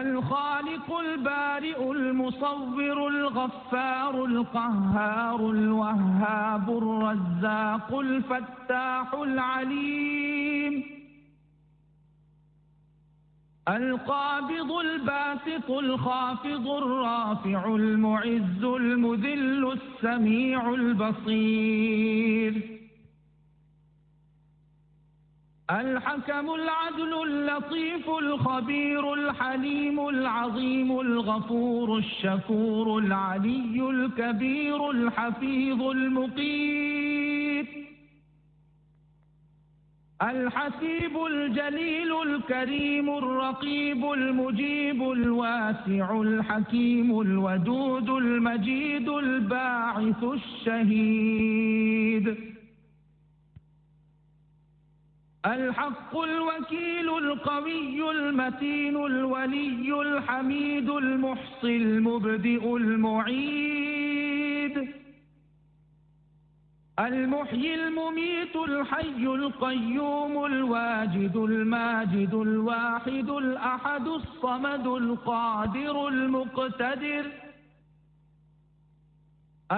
الخالق البارئ المصور الغفار القهار الوهاب الرزاق الفتاح العليم القابض الباسط الخافض الرافع المعز المذل السميع البصير الحكم العدل اللطيف الخبير الحليم العظيم الغفور الشكور العلي الكبير الحفيظ المقيت الحسيب الجليل الكريم الرقيب المجيب الواسع الحكيم الودود المجيد الباعث الشهيد الحق الوكيل القوي المتين الولي الحميد المحصي المبدئ المعيد المحيي المميت الحي القيوم الواجد الماجد الواحد الأحد الصمد القادر المقتدر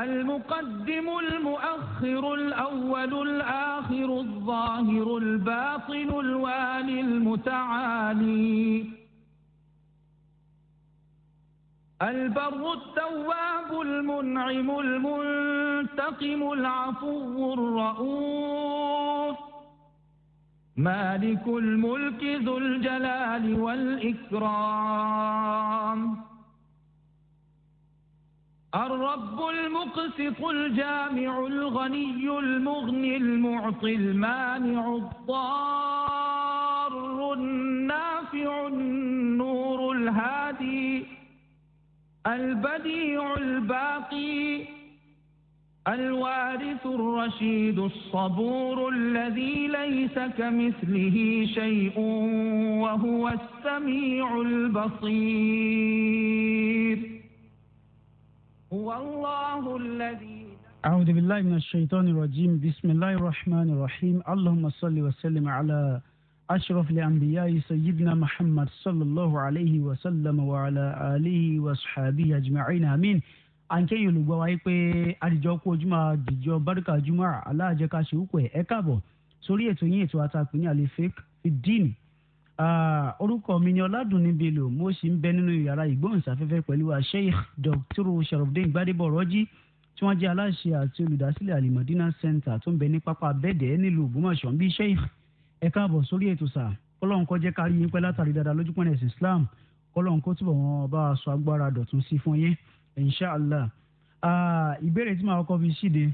المقدم المؤخر الأول الآخر الظاهر الباطن الوالي المتعالي البر التواب المنعم المنتقم العفو الرؤوف مالك الملك ذو الجلال والإكرام الرب المقسط الجامع الغني المغني المعطي المانع الضار النافع النور الهادي البديع الباقي الوارث الرشيد الصبور الذي ليس كمثله شيء وهو السميع البصير أعوذ بالله من الشيطان الرجيم بسم الله الرحمن الرحيم اللهم صل وسلم على أشرف الأنبياء سيدنا محمد صلى الله عليه وسلم وعلى آله وصحبه أجمعين آمين à ń kẹ́yìn olùgbọ́ wa yìí pé àdìjọ kú ojúmọ́ àdìjọ bárúkà jùmọ̀ aláàjẹká ṣe wúpẹ́ ẹ káàbọ̀ sórí ètò orúkọ mi ni ọládùnní bello mo sì ń bẹ nínú yàrá ìgbóhùnsáfẹ́fẹ́ pẹ̀lú sheikh dr sharafdin gbadebo rọ́jí tí wọ́n jẹ́ aláṣẹ àti olùdásílẹ̀ alimadina center tó ń bẹ ní pápá bẹ́ẹ̀dẹ́ nílùú ògbómọ̀ṣọ́ bíi sheikh ẹ káàbọ̀ sórí ètò sà kọ́lọ́n kọ́ jẹ́ kárí yín pẹ́ látàrí dáadáa lójúpọ̀n ẹ̀sìn islam kọ́lọ́n kó túbọ̀ wọn bá a sọ agbára dọ̀tun sí fún yín inshàlá ìbéèrè tí màá kọ́ fi ṣíde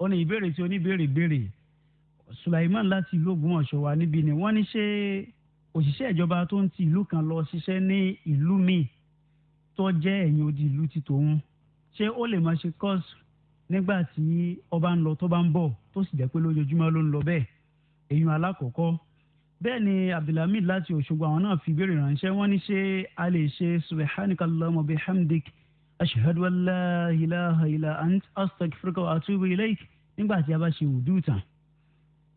ó ní ìbéèrè tí oníbéèrè béèrè sulaiman láti ìlú ògbómọ̀ṣọ́ wa níbí ni wọ́n ní ṣe òṣìṣẹ́ ìjọba tó ń ti ìlú kan lọ ṣiṣẹ́ ní ìlú míì tó jẹ́ ẹ̀yìn odi ìlú ti tòun ṣé ó lè máa ṣe course nígbà tí ọba ń lọ tó bá ń bọ̀ tó sì jẹ́ pé lójoojúmọ́ ló ń lọ bẹ́ẹ̀ èèyàn alákọ̀ọ́kọ́ bẹ́ẹ̀ ni abdulhamid láti òṣogbo àwọn náà fi ìbéèrè ránṣẹ́ wọ́n ní ṣé a lè ṣe subhanakallahumma bihamdik ashhadu an la ilaha illa ant astaghfiruka wa atubu ilaik nígbà tí a bá ṣe wùdú tán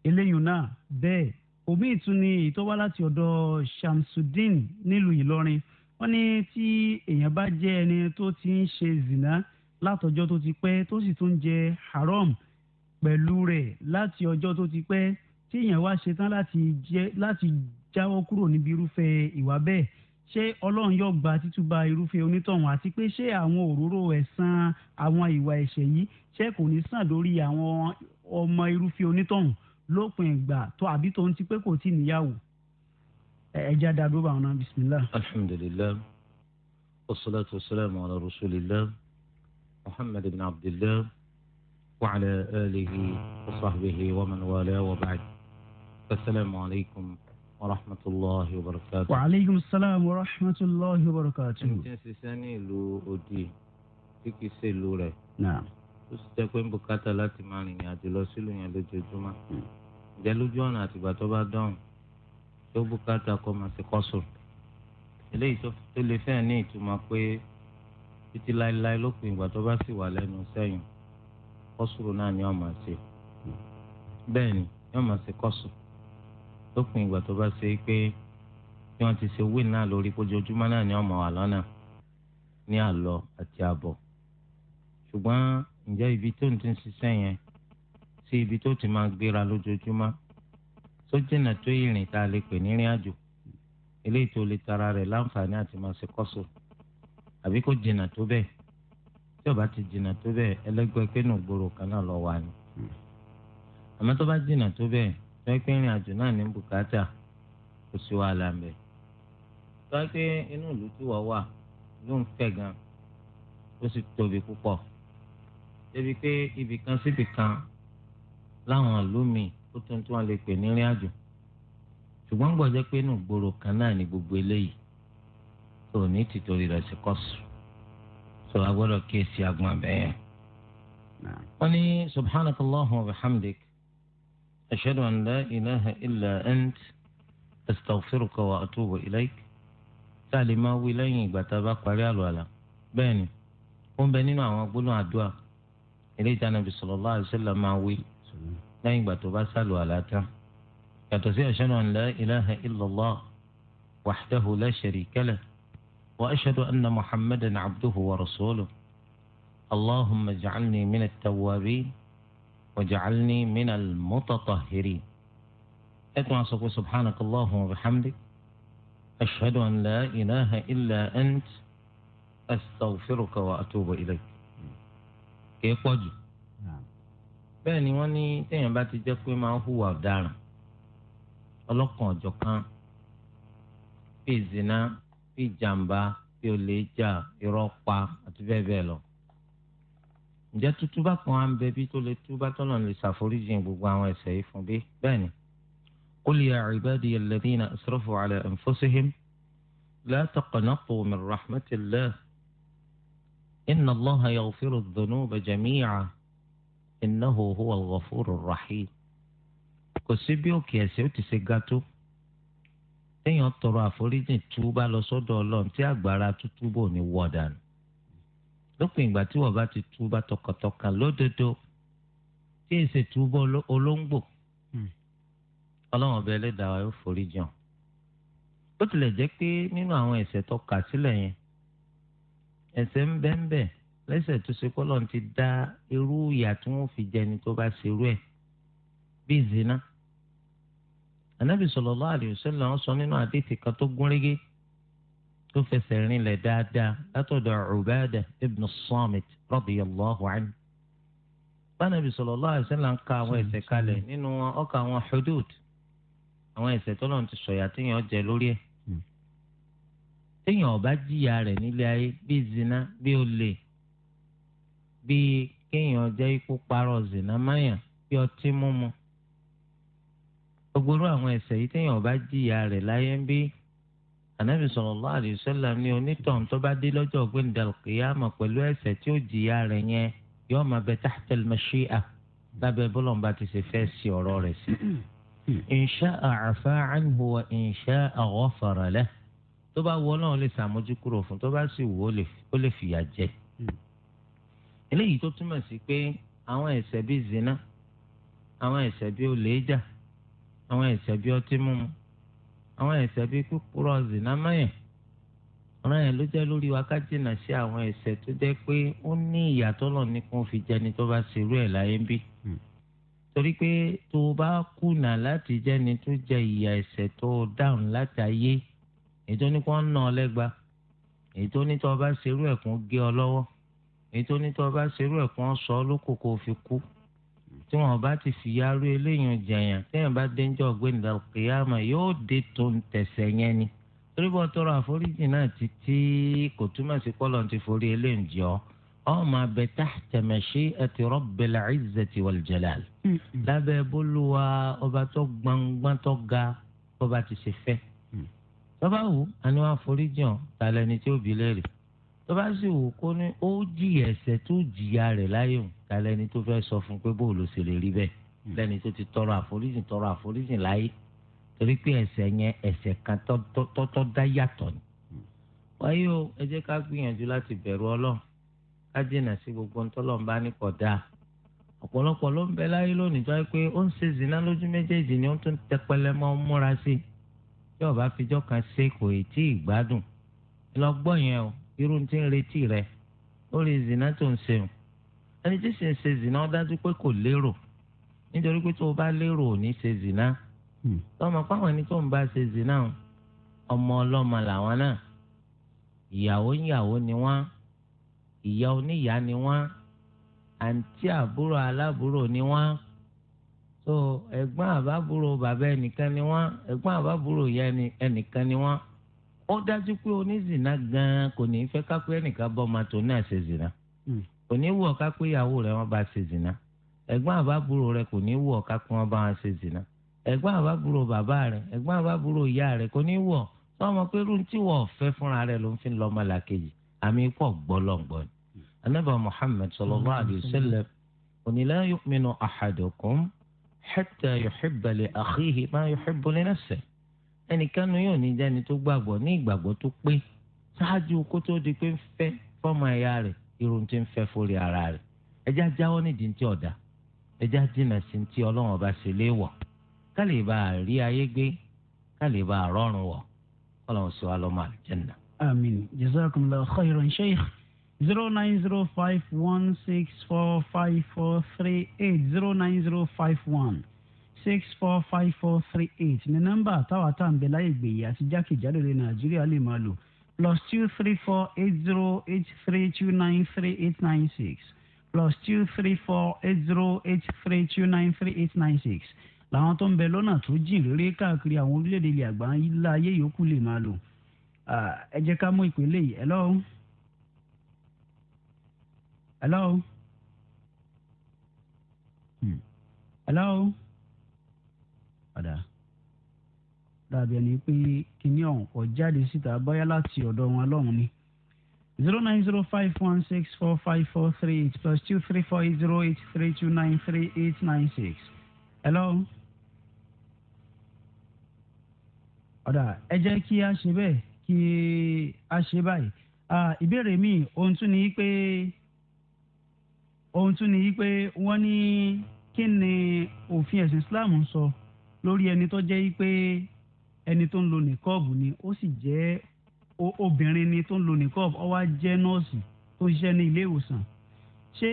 eléyìí náà bẹ́ẹ̀ òbí ìtún ni èyí tó wá láti ọ̀dọ̀ Shamsudeen nílùú Ìlọrin wọ́n ní tí èèyàn bá jẹ́ ẹni tó ti ń ṣe zina látọjọ́ tó ti pẹ́ tó sì tún jẹ haram pẹ̀lú rẹ̀ láti ọjọ́ tó ti pẹ́ tí èèyàn wá ṣetán láti jáwọ́ kúrò níbi irúfẹ́ ìwà bẹ́ẹ̀ ṣé ọlọ́run yóò gba títúbà irúfẹ́ onítọ̀hún àti pé ṣé àwọn òróró ẹ̀san àwọn ìwà ẹ̀ṣẹ̀ yìí ṣé kò ní sàn lórí àwọn ọmọ irúfẹ́ onítọ̀hún lópin ìgbà tó àbí tó ń ti pé kò tí ì níyàwó ẹjẹ bá wọn náà bisimilah. alhamdulilayi wasalaatu wasalaamu ala rasulillah muhammad ibn abdillah wa ala alihi wa sahbihi wa man wala wa ba'd asalaamu alaykum wa rahmatulahi wa barakatu. wa aleykum salaam wa rahmatulahi wa barakatu. ẹni tí ń ṣiṣẹ́ ní ìlú odi kíkì sí í ṣe ìlú rẹ̀. ó sì jẹ́ pé ń bùkátà láti máa rìnrìn àjò lọ sílùú yẹn lójoojúmọ́. jẹ́ lójú ọ̀nà àtìgbà tó bá dáhùn tó bùkátà kọ́ máa ṣe kọ́sù eléyìí tó lè fẹ́ ní ìtumọ̀ pé títí láéláé lópin ìgbà tó bá sì wà lẹ́nu sẹ́yìn náà ni wọ́n máa ṣe bẹ́ẹ̀ ni wọ́n máa ṣe kọ́sù lópin ìgbà tó bá ṣe pé ti ṣe náà lórí kójoojúmọ́ náà ni wọ́n wà lọ́nà ní àti àbọ̀ ṣùgbọ́n ǹjẹ́ ibi tó ń ti ń sí ibi tó ti máa gbéra lójoojúmọ́ tó jìnnà tó ìrìn tá a lè pè ní ìrìn eléyìí tó lè tara rẹ̀ láǹfààní àti máa ṣe kọ́sù àbí jìnnà tó bẹ́ẹ̀ tí ó bá ti jìnnà tó bẹ́ẹ̀ ẹlẹ́gbẹ́ pínu gbòòrò kan náà lọ wà ní. àmọ́ tó bá tó bẹ́ẹ̀ tó náà ní kò sí wàhálà láwọn àlómi ó tún tí wọ́n lè pè ní rìn àjò ṣùgbọ́n gbọ́dọ̀ pé inú gbòòrò kan náà ni gbogbo eléyìí tó ní tìtorí rẹ̀ sí kọ́sù tó a gbọ́dọ̀ kíyèsí agbọn abẹ́yẹn. wọ́n ní subhanakallahu wa bihamdik ashhadu an la ilaha illa ant astaghfiruka wa atubu ilaik tá a lè máa wí lẹ́yìn ìgbà tá a bá parí àlọ́ àlà bẹ́ẹ̀ ni ó ń bẹ nínú àwọn gbólóhùn àdúrà ilé ìtànàbì sallallahu alaihi wasallam máa wí. lẹ́yìn ìgbà tó bá sálù àlàtàn yàtọ̀ sí ashhadu an la ilaha illallah wahdahu la sharika lah wa ashhadu anna muhammadan abduhu wa rasuluh allahumma ja'alni min at-tawwabin wa ja'alni min al-mutatahhirin ẹ̀tún wa sọ pé subhanakallahumma wa bihamdik ashhadu an la ilaha illa ant astaghfiruka wa atubu ilayk kì í pọ̀ jù. bẹ́ẹ̀ ni wọ́n ní téèyàn bá ti jẹ́ pé máa ń hùwà ọ̀daràn ọlọ́kan ọ̀jọ̀kan bíi zina bíi jàǹbá bíi olè jà irọ́ pa àti bẹ́ẹ̀ bẹ́ẹ̀ lọ. ǹjẹ́ tútúbà kan á ń bẹ bí tó lè túbà tọ́nà lè ṣàforíjì gbogbo àwọn ẹ̀ṣẹ̀ yìí fún bí bẹ́ẹ̀ ni. qul ya ibadiya alladhina asrafu ala anfusihim la taqnatu min rahmatillah inna allaha yaghfiru dhunuba jami'a innahu huwa al-ghafurur rahim kò sí bí òkè ẹ̀ṣẹ̀ ó ti ṣe ga tó téèyàn tọrọ àforíjì túbá lọ sọ́dọ̀ Ọlọ́run tí àgbára tútúbò ní wọdànù lópin ìgbà tí wọ́n bá ti túbá tọkàntọkàn lódodo tí èsè túbọ olóńgbò hmm. Ọlọ́run ọbẹ Ẹlẹ́dàá wa yóò foríjì hàn ó tilẹ̀ jẹ́ pé nínú àwọn ẹ̀ṣẹ̀ tó kà sílẹ̀ yẹn ẹ̀ṣẹ̀ ń bẹ́ẹ̀ bẹ́ẹ̀ lẹ́sẹ̀ tó ṣe kọ́ lọ́n ti dá irú ìyà tí wọ́n fi jẹni tó bá ṣe irú ẹ̀ bíi zina. ànábì sallallahu alaihi wasallam ń sọ nínú àdéhìí kan tó gún régé tó fẹsẹ̀ rinlẹ̀ dáadáa látọ̀dọ̀ Ubadah ibn Samit radiyallahu anhu. bánàbì sallallahu alaihi wasallam ń ka àwọn ẹ̀ṣẹ̀ kalẹ̀ nínú ọkà àwọn hudud àwọn ẹ̀ṣẹ̀ tó lọ́n ti sọ̀yà téèyàn jẹ lórí ẹ̀ hmm. téèyàn ó bá rẹ̀ nílé ayé bíi zina bíi olè bíi kéèyàn jẹ́ ikú parọ́ zìnà máyà bí ọtí mímu gbogbo àwọn ẹ̀ṣẹ̀ yìí téèyàn bá jìyà rẹ̀ láyé ń bí ànábì sallallahu alaihi wasallam ní onítọ̀hún tó bá dé lọ́jọ́ gbẹ̀ndàlùkìyàmọ̀ pẹ̀lú ẹ̀ṣẹ̀ tí ó jìyà rẹ̀ yẹn yóò máa bẹ tahtal mashi'a lábẹ́ bọ́lọ̀mbà ti ṣe fẹ́ sí ọ̀rọ̀ rẹ̀ sí. in sha'a afa wa in sha'a ghafara tó bá wọ Ọlọ́run lè ṣàmójúkúrò fún tó bá sì wù ó lè fìyà jẹ eléyìí tó túmọ̀ sí pé àwọn ẹ̀ṣẹ̀ bíi zina àwọn ẹ̀ṣẹ̀ bíi olè jà àwọn ẹ̀ṣẹ̀ bíi ọtí mímu àwọn ẹ̀ṣẹ̀ bíi púpúrọ̀ zina mẹ́yìn ọ̀ràn yẹn ló jẹ́ lórí wa ká jìnnà sí àwọn ẹ̀ṣẹ̀ tó jẹ́ pé ó ní ìyàtọ̀ lọ ní kó fi jẹni tó bá ṣerú ẹ̀ láyé ń bí hmm. torí pé tó o bá kùnà láti jẹni tó jẹ ìyà ẹ̀ṣẹ̀ tó o dáhùn láti ayé ètò ní ń nà ọ lẹ́gba ètò ní bá ṣerú ẹ̀ gé ọ lọ́wọ́ èyí tó ní tó bá ṣerú ẹ̀ kó ń sọ lóko kó fi kú tí wọn bá ti fìyà rú eléyìí jẹyàn téèyàn bá dénjọ gbẹndà kìyàmà yóò dé tó ń tẹsẹ̀ yẹn ni torí bọ́ tọrọ àforíjì náà ti tí kò túmọ̀ sí pọ́lọ̀ ti forí eléyìí jọ ọ máa bẹ tahta mashi'ati rabbil izzati hmm. lábẹ́ bólúwa ọba tó gbangban tó ga ọba ti ṣe fẹ́ hmm. tọ́ba wù á àforíjì hàn tàlẹ́ni tí ó bi léèrè tó bá sì wò kó ní ó jìyà ẹ̀ṣẹ̀ tó jìyà rẹ̀ láyé o tàlẹ́ ni tó fẹ́ sọ fún pé bóòlù ló ṣe lè rí bẹ́ẹ̀ hmm. lẹ́ni tó ti tọrọ àforíjìn tọrọ àforíjìn láyé torí pé ẹ̀ṣẹ̀ yẹn ẹ̀ṣẹ̀ kan tọ́tọ́ dá yàtọ̀ ni. Hmm. wáyé o ẹ jẹ́ ká gbìyànjú láti bẹ̀rù ọlọ́run ká dènà sí gbogbo ntọ́lọ́run bá ní ọ̀pọ̀lọpọ̀ ló ń bẹ láyé lónìí tó yẹ pé ó ń ṣe zina lójú méjèèjì ni ó tún tẹpẹlẹ mọ́ múra sí i tí bá fijọ́ kan ṣe kò ì tí ì gbádùn lọ gbọ́ yẹn o irú tí ń retí rẹ lórí zina tó ń ṣe ẹni tí sì ń ṣe zina ó dájú pé kò lérò nítorí pé tó o bá lérò ò ní ṣe zina tọmọ hmm. pàwọn ẹni tó ń bá ṣe zina ọmọ ọlọ́mọ làwọn náà ìyàwó níyàwó ni wọ́n ìyá oníyàá ni wọ́n àǹtí àbúrò aláàbúrò ni wọ́n so ẹ̀gbọ́n àbábúrò bàbá ẹnìkan ni wọ́n ẹ̀gbọ́n àbábúrò ìyá ẹnìkan ni wọ́n. So, ó dájú pé onízìnnà gan-an kò ní í fẹ́ kápẹ́ nìkan bọ́ ọmọ tó náà ṣe zìnnà hmm. kò ní í wù ọ́ kápẹ́ ìyàwó rẹ̀ wọ́n bá ṣe zìnnà ẹ̀gbọ́n àbábúrò rẹ̀ kò ní í wù ọ́ kápẹ́ wọ́n bá wọn ṣe zìnnà ẹ̀gbọ́n àbábúrò bàbá rẹ̀ ẹ̀gbọ́n àbábúrò ìyá rẹ̀ kò ní í wù ọ́ sọ́mọ pé irú tí wọ́n fẹ́ fúnra rẹ̀ ló ń fi lọ́ ọmọlàkejì àmì pọ̀ gbọ́lọ́ngbọ́n anábà ẹnìkan nu yóò ní jẹ́ni tó gbàgbọ́ ní ìgbàgbọ́ tó pé ṣáájú kó tó di pé ń fẹ́ fọ́mọ ẹ̀yà rẹ̀ irun tí ń fẹ́ forí ara rẹ̀ ẹjá jáwọ́ nídìí ti ọ̀dà ẹjá jìnnà sí ti ọlọ́run ọba ṣe léèwọ̀ ká lè bá a rí ayé gbé ká lè bá a rọrùn wọ̀ ọlọ́run sọ wa lọ́mọ àlùjẹ́nà. àmín jazakumullahu khairan sheikh zero nine zero five one six four five four three eight zero nine zero five one six four five four three eight ní nọ́mbà táwa tá à ń bẹ láyé gbèyí àti jákèjádò lè nàìjíríà lè máa lò plus two three four eight zero eight three two nine three eight nine six plus two three four eight zero eight three two nine three eight nine six làwọn tó ń bẹ lọ́nà tó jìn réré káàkiri àwọn orílẹ̀-èdè ilẹ̀ àgbáńláyé yòókù lè máa lò ẹ jẹ́ ká mú ìpele yìí hello hello hmm. hello padà dàbí ẹni pé kíní ọ̀hún kò jáde síta bóyá láti ọ̀dọ̀ wọn lọ́hùn ni zero nine zero five one six four five four three eight plus two three four eight zero eight three two nine three eight nine six. hello. ọ̀dà ẹ jẹ́ kí a ṣe bẹ́ẹ̀ kí a ṣe báyìí ìbéèrè mi ohun tún ni pé ohun tún ni pé wọ́n ní kí ni òfin ẹ̀sìn Islam sọ. So lórí ẹni tó jẹ́ pé ẹni tó ń lo nìkọ́ọ̀bù ni ó sì jẹ́ obìnrin ni tó ń lo nìkọ́ọ̀bù ó jẹ́ nọ́ọ̀sì tó ń ṣiṣẹ́ ní ilé ìwòsàn ṣé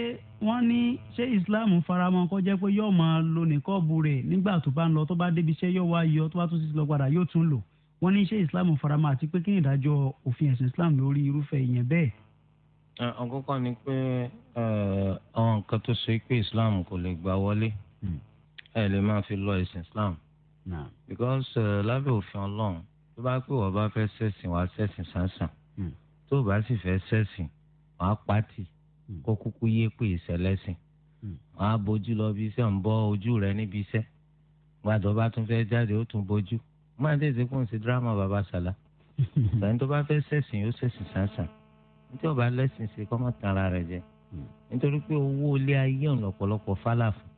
wọ́n ní ṣé islam faramọ́ kó jẹ́ pé yóò máa lo nìkọ́ọ̀bù rẹ̀ nígbà tó bá ń lọ tó bá débi iṣẹ́ yóò wá yọ tó bá tún ti lọ padà yóò tún lò wọ́n ní ṣé islam faramọ́ àti pé kí ni ìdájọ́ òfin ẹ̀sìn islam lórí irúfẹ́ ìyẹn bẹ́ẹ̀. àkọ́kọ́ ni pé àwọn nǹkan tó ṣe pé islam kò lè gbà wọlé hmm ẹ lè máa fi lọ ẹ̀sìn islam because uh, lábẹ́ òfin ọlọ́run tó bá pè wọ́n bá fẹ́ ṣẹ̀sìn wàá ṣẹ̀sìn sánsan hmm. tó bá sì fẹ́ ṣẹ̀sìn wàá pàtì hmm. kó kúkú yé pé ìṣẹ̀lẹ̀sìn hmm. wàá bójú lọ bí iṣẹ́ ń bọ́ ojú rẹ níbi iṣẹ́ gbàdọ̀ bá tún fẹ́ jáde ó tún bójú má dé ìdí kún sí dírámà bàbá sàlá sàyìn tó bá fẹ́ ṣẹ̀sìn yóò ṣẹ̀sìn sánsan nítorí ọba lẹ́sìn ṣe kọ́ mọ́ tara rẹ̀ jẹ nítorí pé owó ilé ayé ọ̀nà ọ̀pọ̀lọpọ̀ fálàfù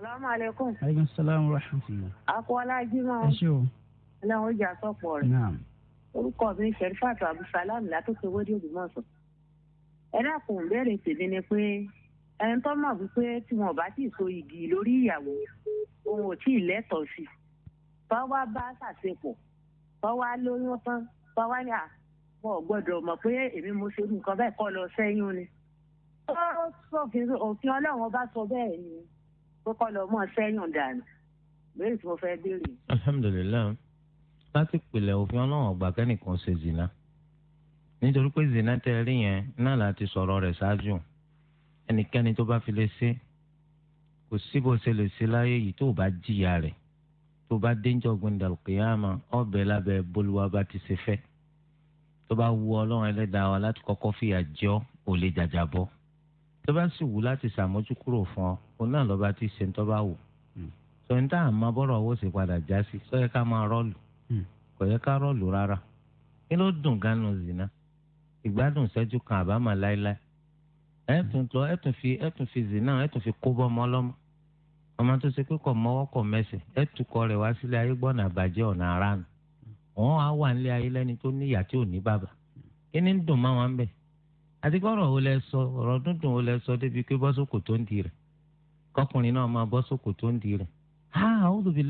salaamaleykum. aleykum salaam wa rahmatulah. akọ́lá jimá. ẹ ṣe o. ọlọ́run o jà sọ́pọ̀ rẹ̀. orúkọ mi sẹ́rífàtò abdulsalam látòkè wọ́dí òdùmọ̀sán. ẹ dákun béèrè tèmi ni pé ẹni tó mọ̀ wípé tí wọn bá ti so igi lórí ìyàwó òun ò tí ì lẹ́tọ̀ọ́ sí i. tọ́wá bá ṣàṣepọ̀ tọ́wá lóyún tán tọ́wá ní à wọn ò gbọ́dọ̀ mọ̀ pé èmi mo ṣe nǹkan bẹ́ẹ̀ kọ́ lọ sẹ́yìn ni. ó sọ òfin ọlọ́run ọba sọ bẹ́ẹ̀ ni kókó lọ mọ sẹ́yìn dànù lórí tí mo fẹ́ béèrè. alhamdulilayi láti pèlè òfin ọlọ́run ọgbà kẹ́nìkan ṣe zina nítorí pé zina tẹ rí yẹn náà láti sọ̀rọ̀ rẹ̀ ṣáájú ẹnikẹ́ni tó bá fi lè ṣe kò sí bó ṣe lè ṣe láyé yìí tó bá jìyà rẹ̀ tó bá dénjọ́ gbẹ̀ndàlù kìyàmà ọbẹ̀ lábẹ́ bolúwa bá ti ṣe fẹ́ tó bá wu ọlọ́run ẹlẹ́dàá wa láti kọ́kọ́ fìyà jọ́ ò lè jàjà bọ́ tó bá sì wù láti ṣàmójúkúrò fún ọ òun náà lọ́ba ti ṣe ń tọ́ bá wù hmm. sọyìn tá à ń máa bọ́rọ̀ owó sì padà já sí sọ yẹ ká máa rọ́ọ̀lù hmm. kò yẹ ká rọ́ọ̀lù rárá kí ló dùn ganu zina ìgbádùn ṣẹ́jú kan àbámọ̀ láéláé ẹ tún tọ ẹ tún fi ẹ tún fi zina ẹ tún fi kó bọ́ ọmọ ọmọ tó ṣe pé mọ́wọ́ kò mẹsẹ̀ ẹ kọ rẹ̀ wá sílé ayé gbọ́nà àbàjẹ́ ọ̀nà aráàlú ni ń dùn máa adịgọrọ gbọ́rọ̀ wo lẹ sọ ọ̀rọ̀ dúndùn wo lẹ sọ débi pé bọ́sọ̀kò tó ń di rẹ̀ kọkùnrin náà máa bọ́sọ̀kò tó ń di rẹ̀ ha a'udhu àwọn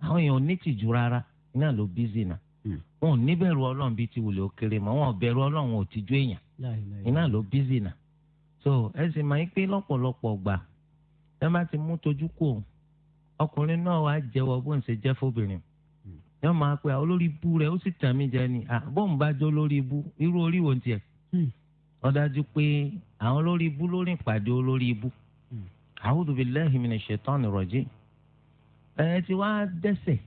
èèyàn rárá náà ló bízì náà hmm. wọn ò ní bẹ̀rù ọlọ́run bíi ti wùlé òkèrè mọ́ wọn ò bẹ̀rù ọlọ́run ò èèyàn ló bízì náà so ẹ sì máa ń pé lọ́pọ̀lọpọ̀ gbà ẹ má ti mú tojú kù hmm. pe olórí ibu ó sì tàn mí jẹ ni lórí ibu irú orí wo wọ́n dájú pé àwọn olórí ibú lórí ìpàdé olórí ibú hmm. a'udhu billahi minash shaitani rajim ẹ ti wá dẹ́ṣẹ̀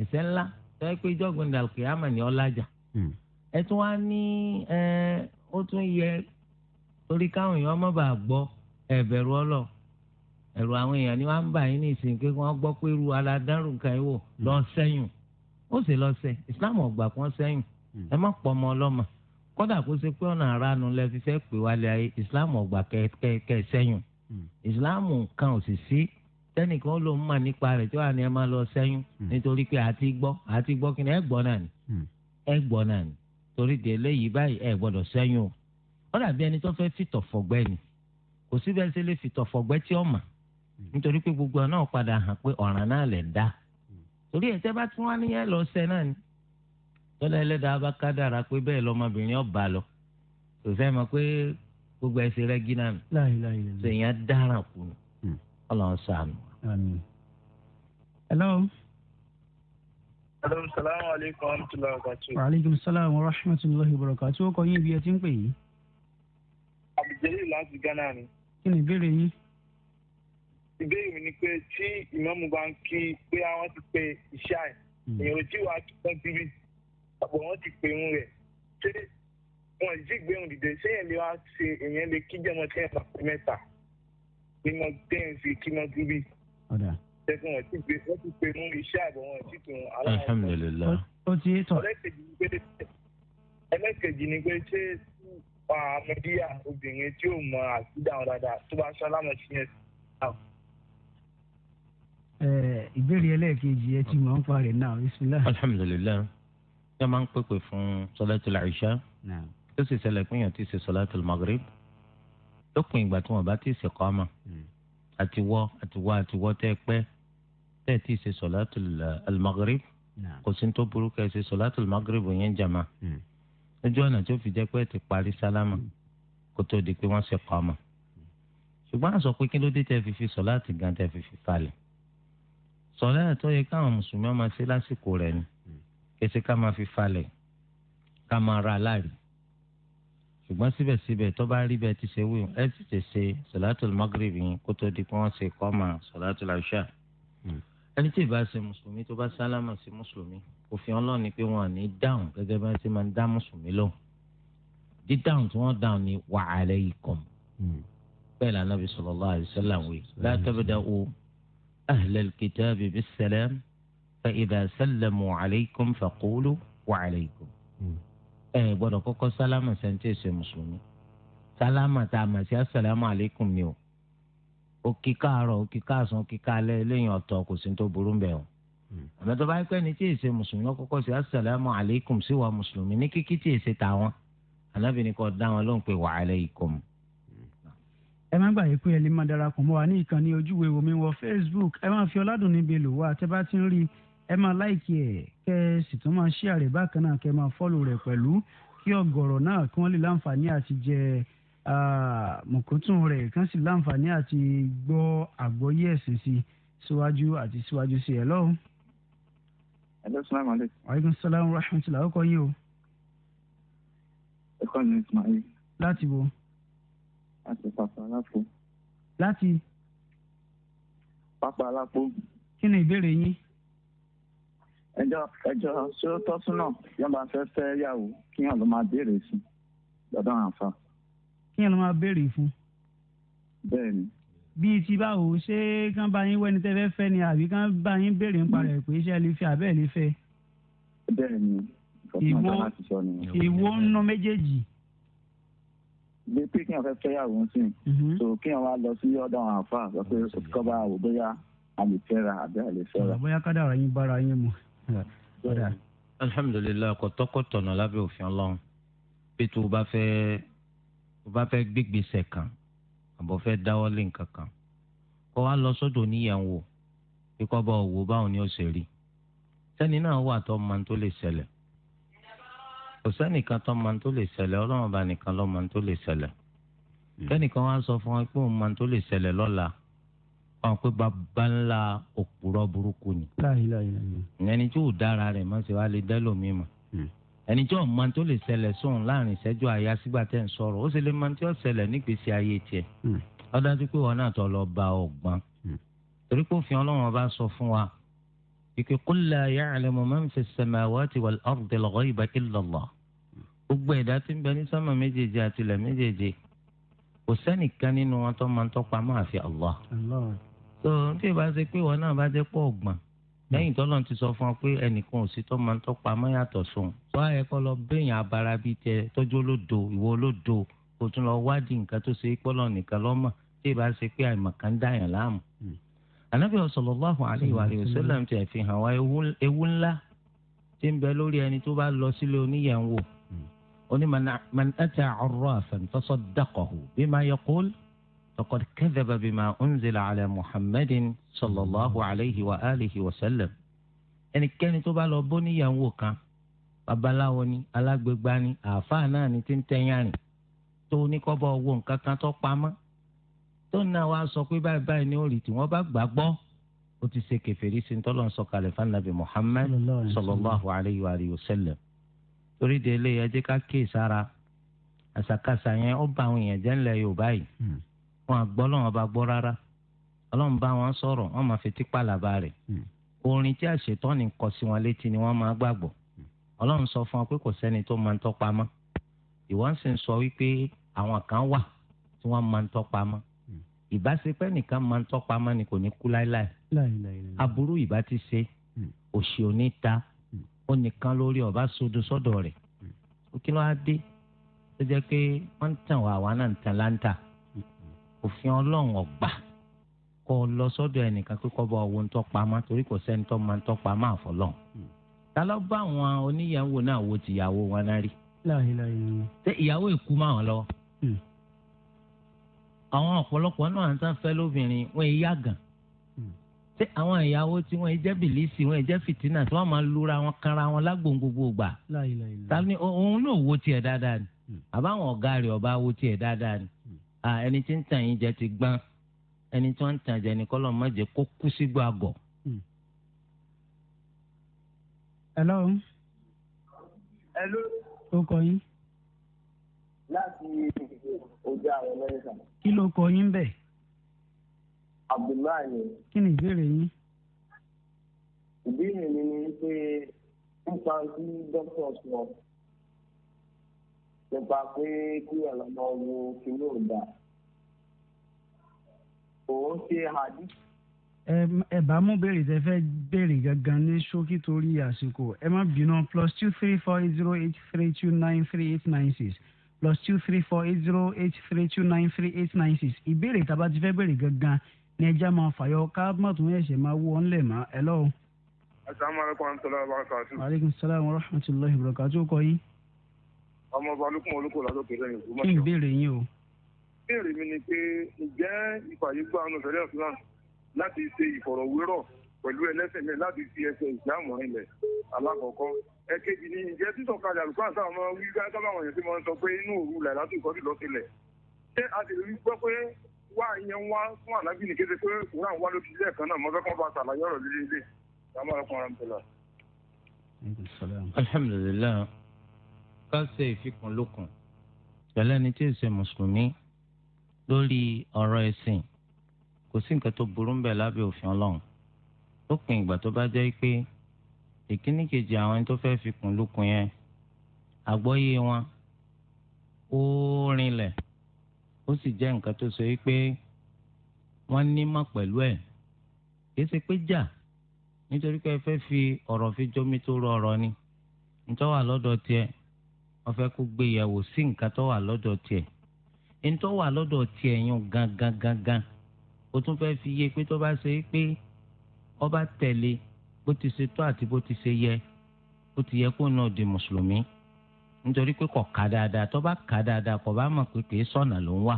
ẹ̀ṣẹ̀ ńlá tọ́ pé ìjọ́gbìn dàlùkì àmà ni ọlájà hmm. ẹ tún wá ní ẹ ó tún yẹ torí káwọn èèyàn má bàa gbọ́ ẹ̀bẹ̀rù ọlọ́ ẹ̀rù àwọn èèyàn ni wọ́n ń bà yín ní ìsìn pé wọ́n gbọ́ pé irú aládàrú nǹkan yìí wò hmm. lọ sẹ́yìn ó sì lọ sẹ́ Islam ọ̀gbà kan sẹ́yìn ẹ má pọ̀ ọmọ ọlọ́mọ kódà kó ṣe pé ọ̀nà àránù lẹ fi fẹ́ pè wálé ayé islam ọ̀gbà kẹ̀kẹ́ sẹ́yìn hmm. islam kan ò sì sí tẹ́nìkan ó ló ń mà nípa rẹ̀ tí wàá ní ẹ máa lọ sẹ́yìn hmm. nítorí pé àti gbọ́ àti gbọ́ kí ni ẹ gbọ́ náà ni hmm. ẹ gbọ́ náà ni torí de eléyìí báyìí ẹ gbọ́dọ̀ sẹ́yìn o ó dàbí ẹni tó fẹ́ fìtọ̀ fọ̀gbẹ́ ni kò síbẹ̀ ṣe lè fìtọ̀ fọ̀gbẹ́ tí ó mà nítorí pé gbogbo náà padà hàn pé ọ̀ràn náà lẹ̀ dá torí ẹ̀ tẹ́ bá tún wá níyẹn lọ sẹ́ náà ni tọ́lá ẹlẹ́dàá bá ká dára pé bẹ́ẹ̀ lọ́mọbìnrin ọba lọ kò fẹ́ mọ̀ pé gbogbo ẹsẹ̀ rẹ gí náà mi sèyàn dáràn kù ní hmm. ọlọ́run sànù. hello. hello salaamu aleykum rahmatulahi wa barakatuh. wa aleykum salaam wa rahmatulahi wa barakatuh. tí ó kọ yín ibi ẹ ti ń pè yìí. àbùjẹ́lì láti ghana ni. kí ni ìbéèrè yín. ìbéèrè mi ni pé tí ìmọ̀mù bá ń kí pé àwọn ti pe ìṣá ẹ̀ hmm. èèyàn ò tí ti rí i àpò wọn ti pè ń rẹ̀ ṣé wọn jí gbẹ̀hùn dìde ṣé yẹn lè wá ṣe èèyàn lè kí jẹ́mọ tí yẹn bá pé mẹ́ta kí mọ tẹ́yìn sí kí mọ dúbí. ṣẹ́gun wọn ti pè wọ́n ti pè ń rí iṣẹ́ àbọ̀ wọn ti tún aláwọ̀. alhamdulilayi. ó ti tọ̀. ẹlẹ́kẹ̀jì ni pé ṣé àmọ́díyà obìnrin tí ò mọ àtúndà wọn dáadáa tó bá ṣálámọ̀ sí yẹn ìbéèrè ẹlẹ́ẹ̀kejì ẹ ti mọ̀ ń parẹ̀ náà bisimilah. alhamdulilayi yóò máa ń pèpè fún sọlẹ́tìlá ìṣá tó sì ṣẹlẹ̀ pé èèyàn ti ṣe sọlẹ́tìlá magrib lópin ìgbà tí wọ́n bá ti ṣe kọ́mà hmm. àti wọ́ àti wọ́ àti wọ́ tẹ́ pẹ́ tẹ́ ti ṣe sọlẹ́tìlá eh, magrib kò sí tó burú kẹ́ ṣe sọlẹ́tìlá magrib yẹn jàmá ojú hmm. ọ̀nà tó fi jẹ́ pé ti parí sálámà hmm. kó tó di pé wọ́n ṣe kọ́mà ṣùgbọ́n àṣọ pé kí ló dé tẹ́ fi fi sọlẹ́tì gan tẹ́ fi fi kalẹ̀ sọlẹ́tì tó yẹ káwọn mùsùlùmí èsì ká máa fi falẹ̀ ká máa ra aláàrí ṣùgbọ́n síbẹ̀síbẹ̀ tó bá rí bẹ́ẹ̀ ti ṣe wí ẹ sì ti ṣe sọ̀látùl magrib yìí kó tó di pé wọ́n ṣe kọ́ máa sọ̀látùl àṣà hmm. ẹni tí ìbá ṣe mùsùlùmí tó bá sálámà sí mùsùlùmí òfin ọlọ́run ni pé wọn à ní dáhùn gẹ́gẹ́ bá ṣe máa ń dá mùsùlùmí lọ dídáhùn tí wọ́n dáhùn ni wa alaykum hmm. bẹ́ẹ̀ l'Ànábì sallallahu alaihi wasallam la tabda'u ahlal kitabi bis salam fa idha sallamu alaykum faqulu wa alaykum. ẹ gbọ́dọ̀ kọ́kọ́ sálámà sẹ́ńtẹ̀ ṣe mùsùlùmí sálámà tá a mà sí assalamu alaykum ni o ó kí káàárọ̀ ó kí káàsán ó kí káalẹ́ lẹ́yìn ọ̀tọ̀ kò sí tó burú bẹ́ẹ̀ o. àmọ́ tó bá yẹ pé ní tí èsè mùsùlùmí kọ́kọ́ sí assalamu alaykum sí wa mùsùlùmí ní kíkí tí èsè tàwọn anábì ní kò dá wọn lóhùn pé wa alaykum. ẹ má gbàgbé pé ẹ lè máa darapọ̀ mọ́ wa ní ìkànnì ojúwe omi wọ Facebook ẹ máa fi ọládùn níbi lò wá tẹ́ bá ti ń rí i ẹ máa láìkí ẹ̀ kẹ́ ẹ sì tún máa share rẹ̀ bákan náà kẹ́ ẹ máa follow rẹ̀ pẹ̀lú kí ọ̀gọ̀rọ̀ náà kí wọ́n lè láǹfààní àti jẹ mọ̀kútùn rẹ̀ kí wọ́n sì láǹfààní àti gbọ́ àgbọ́yé ẹ̀sìn sí síwájú àti síwájú sí ẹ lọ́hùn. Hello, salaam aleykum. Aleykum salaam wa rahmatulah. Ọkọ yìí o. Ẹ̀kọ́ mi Ismail. Láti wo? Láti Papa Alápò. Láti? Papa Alápò. Kí ni ìbéèrè yín? ẹjọ́ ẹjọ́ ṣé ó tọ́ súnà yóò bá fẹ́ fẹ́ yàwó kí yàn ló máa béèrè sí lọ́dọ̀ àǹfà. kí yàn ló máa béèrè fún. bẹ́ẹ̀ni. bíi ti báwo ṣé kán bá yín wẹ́ni tẹ́fẹ́ fẹ́ ni àbí kán bá yín béèrè ń parẹ́ pé iṣẹ́ lè fẹ́ àbẹ́ẹ̀ lè fẹ́. bẹ́ẹ̀ni ìwọ ìwọ ń nu méjèèjì bí pé kí n fẹ́ fẹ́yàwó sí i mhm. so kí n wá lọ sí ọ̀dọ̀ àwọn àfa lọ pé kọ́ bá bóyá a lè fẹ́ra àbí a lè fẹ́ra. bóyá kádàrá yín bára yín mu alhamdulilayi kọtọkọtọnà lábẹ́ òfin Ọlọ́run pé tó o bá fẹ́ o bá fẹ́ gbégbèsè kan àbọ̀ fẹ́ dáwọ́ lé nǹkan kan kó wa lọ sọ́dọ̀ oníyàwó kíkọ́ bá òwò báwọn ni ó ṣe rí sẹ́ni náà wà tó máa tó lè ṣẹlẹ̀ kò sẹ́nìkan tó máa tó lè ṣẹlẹ̀ Ọlọ́run bá nìkan ló máa tó lè ṣẹlẹ̀ hmm. kẹ́nìkan wá sọ fún wa pé òun máa tó lè ṣẹlẹ̀ lọ́la àwọn pé bàbá ńlá òpùrọ̀ burúkú ni. ẹni tí ò dára rẹ̀ mọ̀ sí wa lè dẹ́ lómi mọ̀ hmm. ẹni tí ọ̀ma tó lè ṣẹlẹ̀ sóun láàrin ìṣẹ́jú àyà sígbà tẹ̀ ń sọ̀rọ̀ ó sì lè máa tí ó ṣẹlẹ̀ nígbèsè ayé tiẹ̀ hmm. ó dájú pé wọn náà tọ́ lọ bá ọ̀gbọ́n hmm. torí pé òfin ọlọ́run ọba sọ fún wa ìpè qul la ya'lamu man fi as-samawati wal ardi àti ilẹ̀ méjèèje tó tí ìbá ṣe pé ìwọ náà bá jẹ́ pọ̀ ọ̀gbọ̀n lẹ́yìn tọ́lọ́n ti sọ fún ọ pé ẹnìkan ò sí tó máa ń tọ́pa mọ́ yàtọ̀ sóun tó ayẹ kọ́ lọ béèyàn abara bíi tẹ tọ́jú olódo ìwọ olódo kò tún lọ wádìí nǹkan tó ṣe pọ́lọ́ nìkan lọ́mọ̀ tí ìbá ṣe pé àìmọ̀kan dáyàn láàmú. Hmm. ànábì sallallahu alaihi wa sallam ti fi hàn wá ewu ńlá tí ń bẹ lórí ẹni tó bá lọ sílé oníyẹ̀wò oní hmm. فقد كذب بما أنزل على محمد صلى الله عليه وآله وسلم إن tó bá بني bó níyàwó kan babaláwo ni alágbègbà ni àáfàá náà ni ti ń tẹ́yàrìn tó oníkọ́bọ̀ owó nǹkan kan tó pamọ́ tó ń náà wá sọ pé báyìí báyìí ni ó rí tí wọ́n bá gbàgbọ́ ó ti ṣe kẹfẹ́rí sí tọ́lọ́ ń sọkalẹ̀ fanabi Muhammad sallallahu alayhi wa sallam torí de ilé ẹjẹ́ ká kéè àṣàkáṣà yẹn ó bá àwọn èèyàn jẹ́ ńlẹ̀ Yorùbá yìí wọn àgbọ́ lọ́wọ́n bá gbọ́ rárá ọlọ́run bá wọn sọ̀rọ̀ wọn máa fi tipa làbá rẹ̀ hmm. orin tí àṣetọ́ni kọ sí wọn létí ni wọ́n máa gbàgbọ́ hmm. ọlọ́run sọ fún wọn pé kò sẹ́ni tó máa ń tọ́pa mọ́ ìwọ́n sì ń sọ wípé àwọn kan wà tí wọ́n máa ń tọ́pa mọ́ hmm. ìbáṣepẹ́ nìkan máa ń tọ́pa mọ́ ni kò ní kú láéláé aburú ìbá ti ṣe òṣì òní ta ó nìkan lórí ọba sodo sọ́dọ̀ rẹ̀ kí ló á dé jẹ́ pé wọ́n ń tàn wá àwa náà ń tan láńtà òfin ọlọ́run ọ̀gbà kó o lọ sọ́dọ̀ ẹnìkan pé kó bá owó ń tọ́pa má torí kò sẹ́ni tó máa ń tọ́pa má àfọlọ́n. Hmm. ta ló bá àwọn oníyàwó náà wo tìyàwó wọn náà rí. ṣé ìyàwó ìkú máa wọn lọ. Hmm. àwọn ọ̀pọ̀lọpọ̀ náà ń sáfẹ́ lóbìnrin wọn èyí yàgàn. Hmm. ṣé àwọn ìyàwó tí wọ́n jẹ́ bìlísì wọ́n jẹ́ fìtínà tí wọ́n máa ń lura wọn kanra wọn lágbóhùn gbogbo gbà. ta ni òun náà wo tiẹ̀ dáadáa ni àbáwọn ọ̀gá rẹ̀ ọba wo tiẹ̀ dáadáa ni ẹni tí ń tàn yín jẹ ti gbọ́n ẹni tí wọ́n ń tàn jẹ ni kọ́lọ́ má jẹ kó kú sígbó àgọ̀. Hmm. hello. hello. ó kọ yín. láti ojú àwọn mẹ́ríkà. kí ló kọ yín bẹ́ẹ̀. abdullahi kí ni ìbéèrè yín. ìbéèrè mi ni pé nípa tí dókítà sọ nípa pé kí ọlọ́mọ wo kíní ò dà òun ṣe àdí. ẹ bá mú béèrè tẹ fẹ́ béèrè gangan ní ṣókí torí àsìkò ẹ má bínú plus two three four eight zero eight three two nine three eight nine six plus two three four eight zero eight three two nine three eight nine six ìbéèrè tá a bá ti fẹ́ béèrè gangan ní ẹja máa fàyọ ká má tún ẹ̀ṣẹ̀ máa wú ọ́ ńlẹ̀ mọ́ ẹ lọ́wọ́. asalaamualeykum wa rahmatulahi wa barakatu. wa salaam wa rahmatulahi wa barakatu kọ́ yín ọmọ ọba olókùn olóko ládòkè lẹ́yìn òkú mọ́tò. ìbéèrè yín o. ìbéèrè mi ni pé ǹjẹ́ ìfàyègbà ọ̀nà ìfẹ́lẹ́ ọ̀sán láti ṣe ìfọ̀rọ̀wérọ̀ pẹ̀lú ẹlẹ́sẹ̀ mi láti fi ẹsẹ̀ ìsìlámù ilẹ̀ alákọ̀ọ́kọ́ ẹ̀kejì ni ǹjẹ́ títọ̀kadà àlùfáà sáà máa wí gáàsà báwọn èèyàn ti máa ń sọ pé inú òru là láti ìkọ́jú lọ́sílẹ̀ a sì rí gbọ́ pé wá ìyẹn wá fún ànábì ní kété pé òun àwọn wá lójú ilé ẹ̀kan náà mọ́fẹ́ kan bá ṣàlàyé ọ̀rọ̀ líle ilé ká ṣe ìfikùnlukùn pẹ̀lú ẹni tí ìṣe mùsùlùmí lórí ọ̀rọ̀ ẹ̀sìn kò sí nǹkan tó burú ń bẹ̀ lábẹ́ òfin ọlọ́run lópin ìgbà tó bá jẹ́ pé ìkíní kejì àwọn ẹni tó fẹ́ fikùnlukùn yẹn àgbọ́yé wọn ó rinlẹ̀ ó sì jẹ́ nǹkan tó ṣe pé wọ́n nímọ̀ pẹ̀lú ẹ̀ kì ṣe pé jà nítorí pé ẹ fẹ́ fi ọ̀rọ̀ fi jómi tó rọ ọ̀rọ̀ ni nítorí wà lọ́dọ̀ tiẹ̀ wọ́n fẹ́ kó gbé ìyàwó sí nǹkan tó wà lọ́dọ̀ tiẹ̀ ntọ́ wà lọ́dọ̀ tiẹ̀ yan gangan gangan o tún fẹ́ fi yé pé tó bá ṣe é pé ọba tẹ̀lé bó ti ṣe tó àti bó ti ṣe yẹ ó ti yẹ kó náà di mùsùlùmí nítorí pé kò ká dáadáa tó bá ká dáadáa kò bá mọ̀ pé kì í sọ̀nà ló ń wà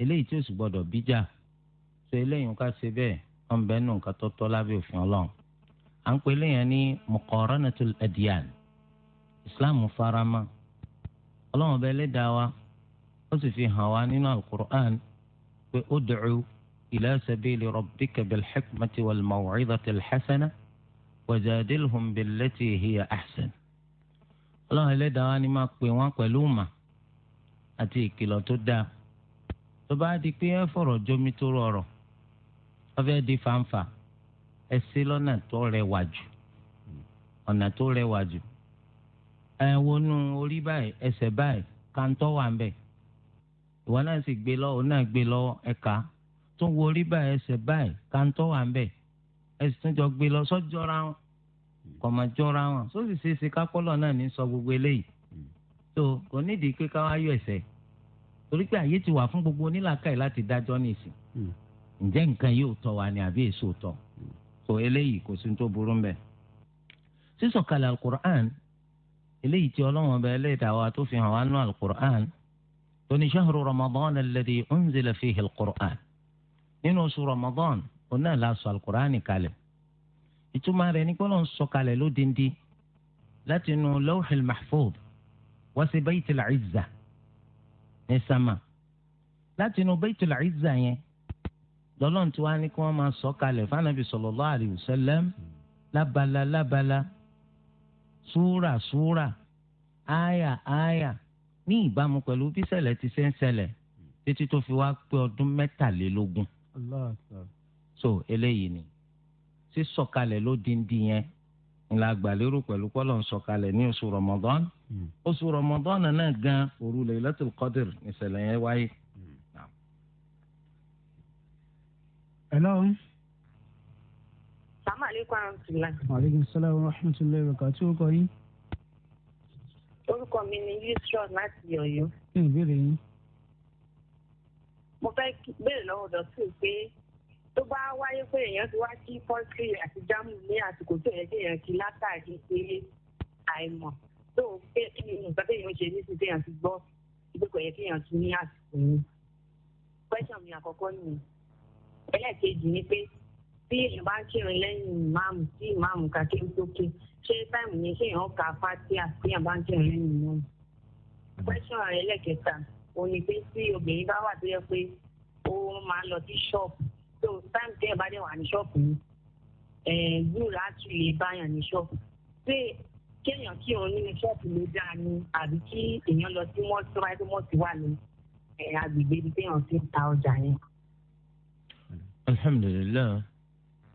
eléyìí tí o sì gbọ́dọ̀ bíjà so eléyìí ká ṣe bẹ́ẹ̀ wọ́n nù nǹkan tó tọ́ lábẹ́ òfin ọlọ́run à ń pè eléyìí ní muqaranatul adyan islam farama ọlọ́run bẹ́ẹ̀ lé dáa wa ó sì fi hàn wá nínú alukur'an pé ó dùcú ilé sabili rabbika bilxikmati walmawcidati alxasana wajadilhum bilati hiya axsan ọlọ́run ẹlẹ́dàá wa ni máa pè wọ́n pẹ̀lú mà àti ìkìlọ̀ tó dáa tó bá di pé ẹ fọ̀rọ̀ jomi tó rọrọ̀ wọ́n di fàǹfà ẹ sí lọ́nà tó rẹwà jù ọ̀nà tó rẹwà jù ẹ wọnú orí báyìí ẹsẹ̀ báyìí kàńtọ́ wà ń bẹ̀ ìwọ náà sì gbé lọ́wọ́ náà gbé lọ́wọ́ ẹ̀ka tó ń wo orí báyìí ẹsẹ̀ báyìí kàńtọ́ wà ń bẹ̀ ẹsẹ̀ tó ń jọ gbé lọ sọ́jọ́ra wọn kọ̀mọ̀ jọra wọn sósì ṣeéṣe kápọ́lọ̀ náà ní sọ gbogbo eléyìí tó kò nídìí pé káwá yọ ẹsẹ̀ torí pé àyè ti wà fún gbogbo onílàkàyè láti dájọ́ nìsín hmm. ǹjẹ́ nǹkan yóò tọ́ wa ni àbí èso tọ́ tó hmm. eléyìí kò sí tó burú eléyìí tí ọlọ́run ọba ẹlẹ́dàá wa tó fi hàn wá nínú alukur'an tó ní shahru ramadan alladhi unzila fihi alukur'an nínú oṣù ramadan òun náà la sọ alukur'an kalẹ̀ ìtumọ̀ rẹ̀ ní kọ́lọ́ ń sọ kalẹ̀ lódindi láti inú lawhil mahfud wá sí baytil izza ní sama láti inú baytil izza yẹn lọ́lọ́run tí wàá ní kí wọ́n máa sọ kalẹ̀ fanabi sallallahu alayhi wa sallam lábala súrà súrà áyà áyà ní ìbámu pẹ̀lú bí ṣẹlẹ̀ ti ṣe ń ṣẹlẹ̀ títí tó fi wá pé ọdún mẹ́tàlélógún. so eléyìí ni sísọ̀kalẹ̀ ló díndín yẹn ńlá gbàlérò pẹ̀lú pọ́lọ̀ ń sọ̀kalẹ̀ ní oṣù rọmọdán hmm. oṣù rọmọdán náà gan òru Laylatul Qadr ìṣẹ̀lẹ̀ yẹn wáyé. ẹ hmm. lọ́run salaamaleykum rahmatulah. maaleykum salaam wa rahmatulah ibaka tí o kọ yín. orúkọ mi ni yusuf láti Ọ̀yọ́. kí ni ìbéèrè yín. mo fẹ́ béèrè lọ́wọ́ dọ̀tí pé tó bá wáyé pé èèyàn ti wá sí pọ́ńtírì àti jámù ní àsìkò tó yẹ kí èèyàn ti látàrí pé àìmọ̀ tó pé kí ni nǹkan téèyàn ṣe ní sísè èèyàn ti gbọ́ ìgbé kò yẹ kí èèyàn ti ní àsìkò yẹn. pẹ́sàn mi àkọ́kọ́ nìyẹn. ẹlẹ́ẹ̀kejì ni pé bí èèyàn bá ń kírun lẹ́yìn ìmáàmù tí ìmáàmù kà kí n tó ké ṣé táìmù yẹn ṣé èèyàn kà fátíà tí èèyàn bá ń kírun lẹ́yìn ìmáàmù. pẹ́ṣọ̀n rẹ̀ lẹ́kẹta òun ni pé tí obìnrin bá wà tó yẹ pé ó máa lọ sí ṣọ́ọ̀bù tó táìmù tí èèyàn bá dẹ̀ wà ní ṣọ́ọ̀bù yìí gbúra tù lè báyàn ní ṣọ́ọ̀bù pé kéèyàn kírun nínú ṣọ́ọ̀bù ló dáa ni àbí kí èèyàn lọ sí mọ́tì wà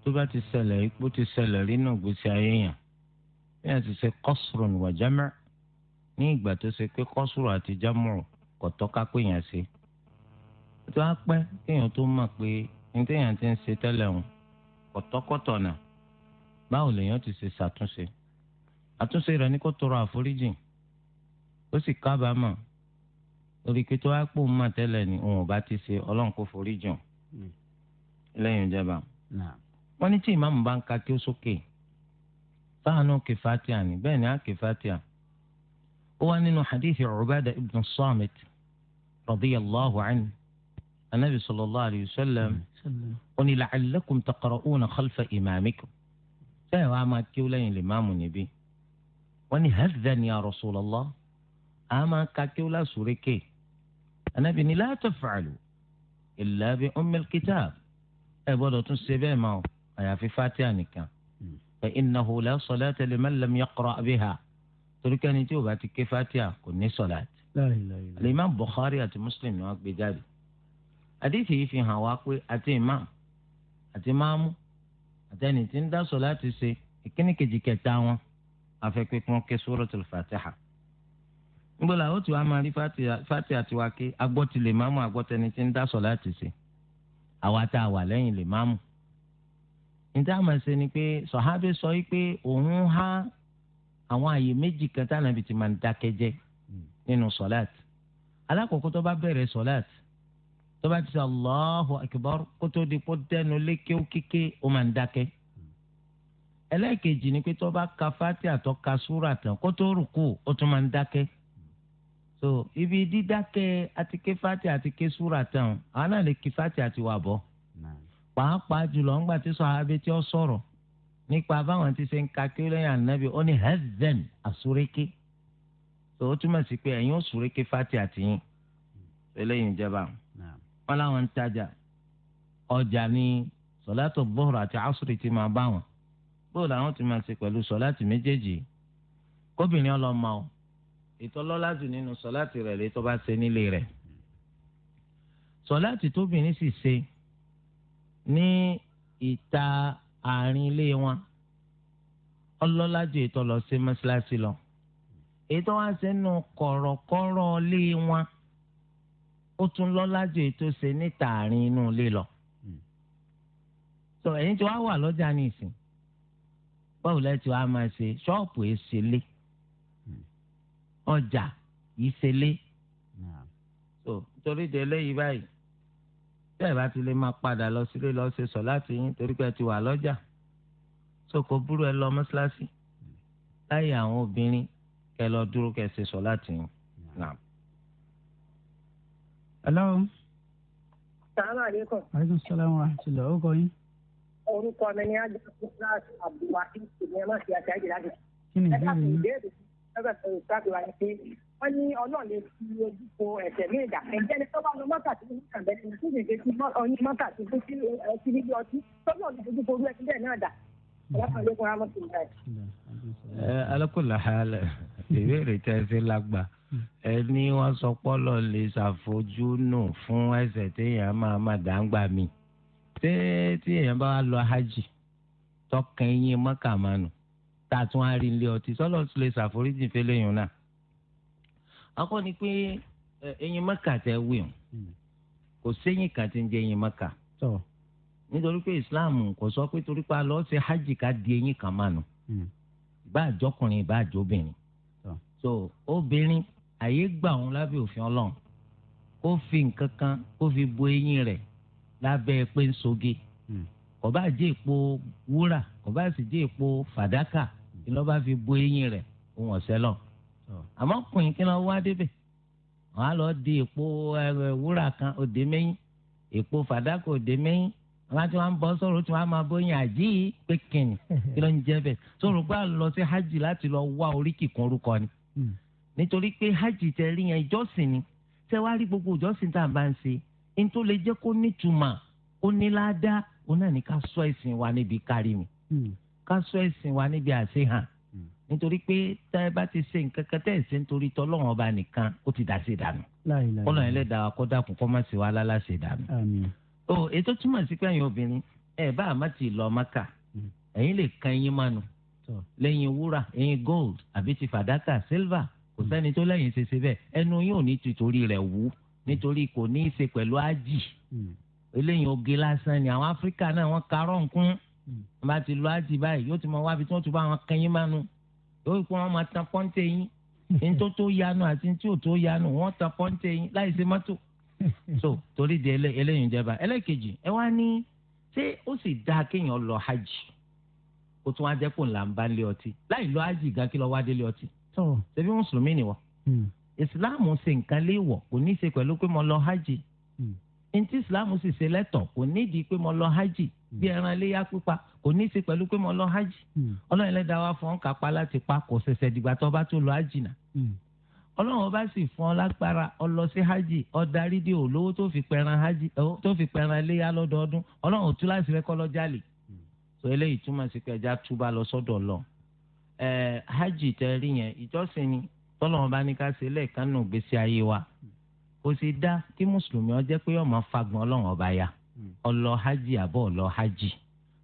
tó bá ti ṣẹlẹ̀ ipò ti ṣẹlẹ̀ rí náà gbèsè ayé yàn bí wọ́n ti ṣe kọ́sùrù ní wàjámẹ́ ní ìgbà tó ṣe pé kọ́sùrù àti jámọ̀rù kò tọ́ka pé yàn ṣe tó á pẹ́ kéèyàn tó mọ̀ pé ní téèyàn ti ń ṣe tẹ́lẹ̀ hùn kọ̀tọ́kọ̀tọ̀ náà báwo lèèyàn ti ṣe ṣàtúnṣe àtúnṣe rẹ̀ ní kó tọrọ àforíjì ó sì kábàámọ̀ lórí pé tó wá pò ń tẹ́lẹ̀ ni òun ò bá ti ṣe ọlọ́run kó forí jàn lẹ́yìn hmm. ìjọba. wọ́n ní tí ìmáàmù bá ń ka kí ó sókè sáànù kìfàtìyà ni bẹ́ẹ̀ ni á kìfàtìyà ó wá nínú hadithi Ubadah ibn Samit radiyallahu anhu anabi sallallahu alayhi wa sallam ó ní la'allakum taqra'una khalfa imamikum bẹ́ẹ̀ wàá máa kí ó lẹ́yìn lè máàmù níbí wọ́n ní hadhan ni rasulallah a máa ka kí ó lásùrè ké anabi ni la taf'alu illa bi ummil kitab ẹ gbọ́dọ̀ tún ṣe bẹ́ẹ̀ máa o. àyàfi fatiha nìkan hmm. fa innahu la salata liman lam yaqra biha torí kẹ́ni tí o bá ti ké fatiha kò ní sọlá àti imam bukhari àti muslim ni wọ́n gbé jáde àdìsí yìí fi hàn wá pé àti imam àti maamu àti ẹni tí ń dá sọlá ti ṣe ìkíni kejì kẹta wọn afẹ́pẹ́ kí wọ́n ké suratul fatiha ngbọ́dọ̀ àwọn tí wàá máa rí fatiha tiwa ké agbọ́tí lè máàmù agbọ́tẹni tí ń dá sọlá ti ṣe àwa tá a wà lẹ́yìn lè máàmù níta àmọ́ ṣe ni pé sọ̀hábí sọ yìí pé òun há àwọn àyè méjì kan tá ànábì ti máa ń dákẹ́ jẹ́ nínú sọ̀láàt alákòókò tó bá bẹ̀rẹ̀ sọ̀láàt tó bá ti sọ Allahu akbar kó tó di kó dẹnu lékè ó kéke ó máa ń dákẹ́ ẹlẹ́ẹ̀kejì ni pé tó bá ka fatiha tó ka súrà tán kó tó ó tún máa ń dákẹ́ so ibi dídákẹ́ àti ké fatiha àti ké súrà tán àwọn náà ké fatiha àti wà bọ́ pàápàá jùlọ ńgbà tí sọ abẹ́tí ọ sọ̀rọ̀ nípa báwọn ti ṣe ń ka kí lẹ́yìn ànábì ó ní hezden àsúrékè tó o túmọ̀ sí pé ẹ̀yin ó súrékè fati àtìyìn eléyìí ń jẹba wọn láwọn ń tajà ọjà ní sọ̀látò bọ́ọ̀rù àti àsúrì ti máa bá wọn bóò làwọn ti máa ṣe pẹ̀lú sọ̀láàtì méjèèjì kóbìnrin ọlọ́mọ o ètò ọlọ́lájú nínú sọ̀láàtì rẹ̀ lè tó bá ṣe nílé rẹ̀ sọ̀láàtì tóbìnrin sì ṣe. Si ní ìta àárín ilé wọn ọlọ́lá ju ètò lọ sí mọ́ṣáláṣí lọ ètò wá sínú kọ̀rọ̀kọ̀rọ̀ ilé wọn ó tún lọ́lá ju ètò ṣe ní tààrin inú ilé lọ. Hmm. sọ ẹ̀yin tí wàá wà lọ́jà ní ìsìn báwo lẹ́tí wàá máa ṣe ṣọ́ọ̀pù èṣèlé hmm. ọjà ìṣèlé. so torí de eléyìí báyìí tẹ́ ẹ̀ bá ti lè máa padà lọ sílé lọ ṣe sọ láti yín torí pé ẹ ti wà lọ́jà sóko búrú ẹ lọ mọ́ṣáláṣí láyé àwọn obìnrin kẹ lọ dúró kẹ ṣe sọ láti yín. hello. sàlámù aleykum. aleykum salaam wa rahmatulah ó kọ yín. orúkọ mi ni ajá kúláàsì abdulwahid ṣèlérí má fi àṣà ìjìlá kí ni ìbéèrè yín. ẹ ká fi ìbéèrè ẹ ká fi pé wọ́n ní ọlọ́run lè fi ojú fo ẹ̀ṣẹ̀ ní ìjà ẹ̀jẹ̀ni tó bá lọ mọ́tà tí wọ́n kàn bẹ́ẹ̀ ni tí ìgbésẹ̀ tí ọyún mọ́tà tí ó ti ti ní bí ọtí tọ́jú ọ̀dọ̀ ojú fo ojú ẹ̀ṣẹ̀ bẹ́ẹ̀ náà dà ọlọ́kànlẹ́kùn rámọ́tì ń báyìí. alákòlá ìbéèrè tẹ́ ẹ fi lágbàá ẹni wọn sọ pọlọ lè ṣàfojúnù fún ẹ̀ṣẹ̀ téèyàn máa máa dàgbà mi ṣé téèyàn bá lọ hajj tọkàn eyín mọ́kàmánu tá a tún á rí ilé ọtí sọlọ lè ṣàforíjì fẹlẹ́yìn náà akọ́ ni pé ẹyin mẹ́kà tẹ wí o hmm. kò séyìn kan ti ń jẹ ẹyin mẹ́kà nítorí pé islam kò sọ pé torí pa lọ́ọ́ ṣe hajj ká di ẹyin kan mánu hmm. bá àjọkùnrin bá àjọbìnrin so obìnrin àyè gbà òun lábẹ́ òfin ọlọ́run kó fi nǹkan kan kó fi bo eyín rẹ̀ lábẹ́ pé ń soge hmm. kò bá jẹ́ èpo wúrà kò bá sì jẹ́ èpo fàdákà ni fi bo eyín rẹ̀ òun ọ̀sẹ́ lọ́ọ̀ àmọ́ kùnrin kí wọ́n wá débẹ̀ wọ́n á lọ di èpo eh, wúrà kan òde mẹ́yìn èpo fàdákà òde mẹ́yìn àwọn tí wọ́n ń bọ́ sọ̀rọ̀ tí wọ́n á máa bóyin àjí pé kìnnì kí ló ń jẹ́ bẹ̀ sọ̀rọ̀ pé a lọ sí hajj láti lọ wá oríkì kan orúkọ ni hmm. nítorí pé hajj tẹ rí yẹn ìjọsìn ni tẹ wá rí gbogbo ìjọsìn tá à ń bá ń ṣe ní tó lè jẹ́ kó nítumọ̀ ó ní ládàá ó náà ní ká sọ ẹ̀sìn wa níbi kárí mi hmm. ká sọ ẹ̀sìn wa níbi àṣehàn nítorí pé tá ẹ bá ti ṣe nǹkan kan tẹ́ ẹ̀ ṣe nítorí tọ́lọ́run ọba nìkan ó ti dà sí ìdànù kọ́nà ẹlẹ́dàá kọ́dà kún kọ́ má sí wa lálásì ìdànù. o ètò túmọ̀ sí pé ẹ̀yin obìnrin ẹ̀ bá àmọ́ ti lọ mọ́kà hmm. ẹ̀yin lè kan ẹyin mánu lẹ́yìn wúrà ẹ̀yin gold àbí ti fàdákà silver kò hmm. sẹ́ni tó lẹ́yìn ṣe ṣe bẹ́ẹ̀ ẹnu yóò ní tìtorí rẹ̀ wú hmm. nítorí kò ní í ṣe pẹ̀lú ájì eléyìí oge ni àwọn áfíríkà náà wọ́n karọ́ nkún wọ́n bá ti lọ ájì báyìí yóò ti ó kó wọn máa tan pọ́ńté yín ní tó tó yanu àti tí ò tó yanu wọ́n tan pọ́ńté yín láì ṣe mọ́tò so torí di eléyìí jẹba ẹlẹ́kejì ẹ wá ní ṣé ó sì dáa kéèyàn lọ hajj kó tún wá jẹ́ kó ńlá ń bá lé ọtí láì lọ hajj gan kí lọ wá délé ọtí ṣebí mùsùlùmí ni wọ́n hmm. ìsìláàmù ṣe nǹkan léèwọ̀ kò ní í ṣe pẹ̀lú pé mo lọ hajj ntí islam sì ṣe lẹ́tọ̀ kò nídìí pé mo lọ hajj bí hmm. ẹran iléyà pípa kò ní í ṣe pẹ̀lú pé mo lọ hajj hmm. ọlọ́run ẹlẹ́dàá wa fún kápá láti pa kò ṣẹ̀ṣẹ̀ dìgbà tó bá tó lọ hajj nà hmm. ọlọ́run ọba sì fún ọ lágbára ọlọ sí hajj ọdarí dé olówó tó fi pẹran hajj tó fi pẹran iléyà lọ́dọọdún ọlọ́run ò tú láti rẹ kọ́ lọ́jà lè eléyìí túmọ̀ sí pé ẹja túbà lọ sọ́dọ̀ lọ hajj tẹ yẹn ìjọsìn ni tọ́lọ́run kò sì dá kí mùsùlùmí ó jẹ́ pé ó máa fagbọn ọlọ́run ọba ya hmm. ó lọ hajj àbọ̀ ó lọ hajj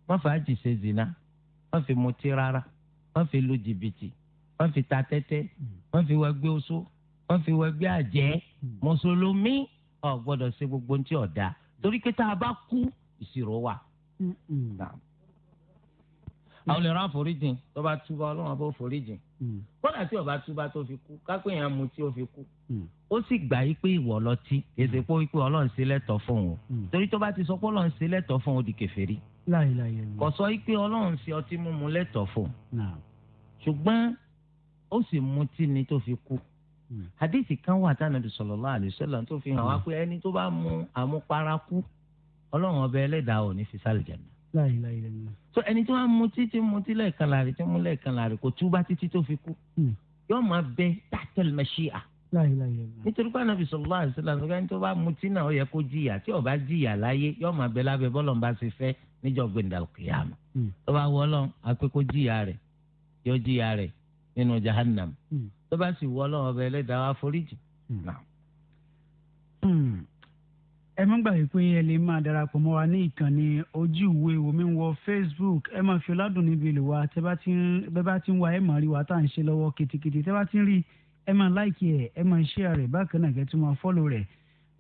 wọ́n fi hajj ṣe zina wọ́n fi mutí rárá wọ́n fi lu jìbìtì wọ́n fi ta tẹ́tẹ́ wọ́n hmm. fi wẹgbẹ́ oṣó wọ́n fi wẹgbẹ́ àjẹ́ hmm. mùsùlùmí ó gbọ́dọ̀ ṣe gbogbo ohun tí torí pé tá a bá kú ìṣirò wà àwọn lè rán àforíjìn tó bá túbà ọlọ́run àbọ̀ foríjìn hmm. kódà tí ó bá túbà tó fi kú kápẹ́ yẹn mu tí ó fi kú. Hmm. ó sì gbà yí pé ìwọ ọlọ́tí èsè pé wípé ọlọ́run ṣe lẹ́tọ̀ọ́ fún òun hmm. torí tó bá ti sọ pé ọlọ́run ṣe lẹ́tọ̀ọ́ fún òun di kèfèrí. kò sọ yí pé ọlọ́run ọtí mímu lẹ́tọ̀ọ́ fún òun ṣùgbọ́n ó sì mutí ni tó fi kú hadisi kan wà tánàbí sallallahu alaihi wasallam tó fi hàn wá pé ẹni tó bá mu àmupara kú ọlọ́run ọba ẹlẹ́dàá ò ní so ẹni tí wọ́n mutí tí mutí lẹ́ẹ̀kan láàrin tí mú lẹ́ẹ̀kan láàrin kò túbá títí tó fi kú hmm. yóò máa bẹ tàtẹl mẹṣíà nítorí pé anabi sọlọ àti sọlá nígbà tí wọ́n bá mutí náà ó yẹ kó jìyà tí ó bá jìyà láyé yóò máa bẹ lábẹ́ bọlọ ń bá ṣe fẹ́ níjọ́ gbẹndàkìyàmù hmm. tó bá wọlọ àpé kó jìyà rẹ̀ yóò jìyà rẹ̀ nínú jahannam hmm. tó bá sì wọlọ ọbẹ ẹlẹ́dàá wa foríjì ẹ má gbàgbé pé ẹ lè máa darapọ̀ mọ́ wa ní ìkànnì ojú ìwé omi ń wọ facebook ẹ máa fi ọládùn níbi ìlú wa tẹ bá ti ń wa ẹ máa rí wa tá à ń ṣe lọ́wọ́ kìtìkìtì tẹ bá ti ń rí ẹ máa láìkì ẹ ẹ máa ṣíà rẹ̀ bákan náà kẹ́tù máa fọ́lò rẹ̀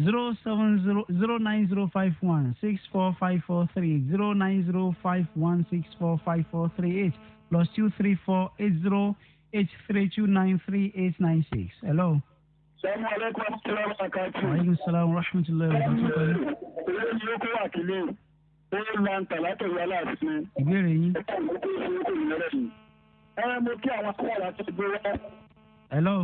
zero seven zero zero nine zero five one six four five four three zero nine zero five one six four five four three eight plus two three four eight zero eight three two nine three eight nine six hello. Sọ́mọ́ ọlọ́kọ̀ tí wọ́n máa ka tù. Ayé Sàlámù Rahmatullahi wa barakatuh. Ìwé ni ó kó wà kílé. Ó ń la ntàlátọ̀ yọ aláàfin. Ìbéèrè yín. Ẹ mo kí àwọn kọ́ wà láti gbé wá. Hello.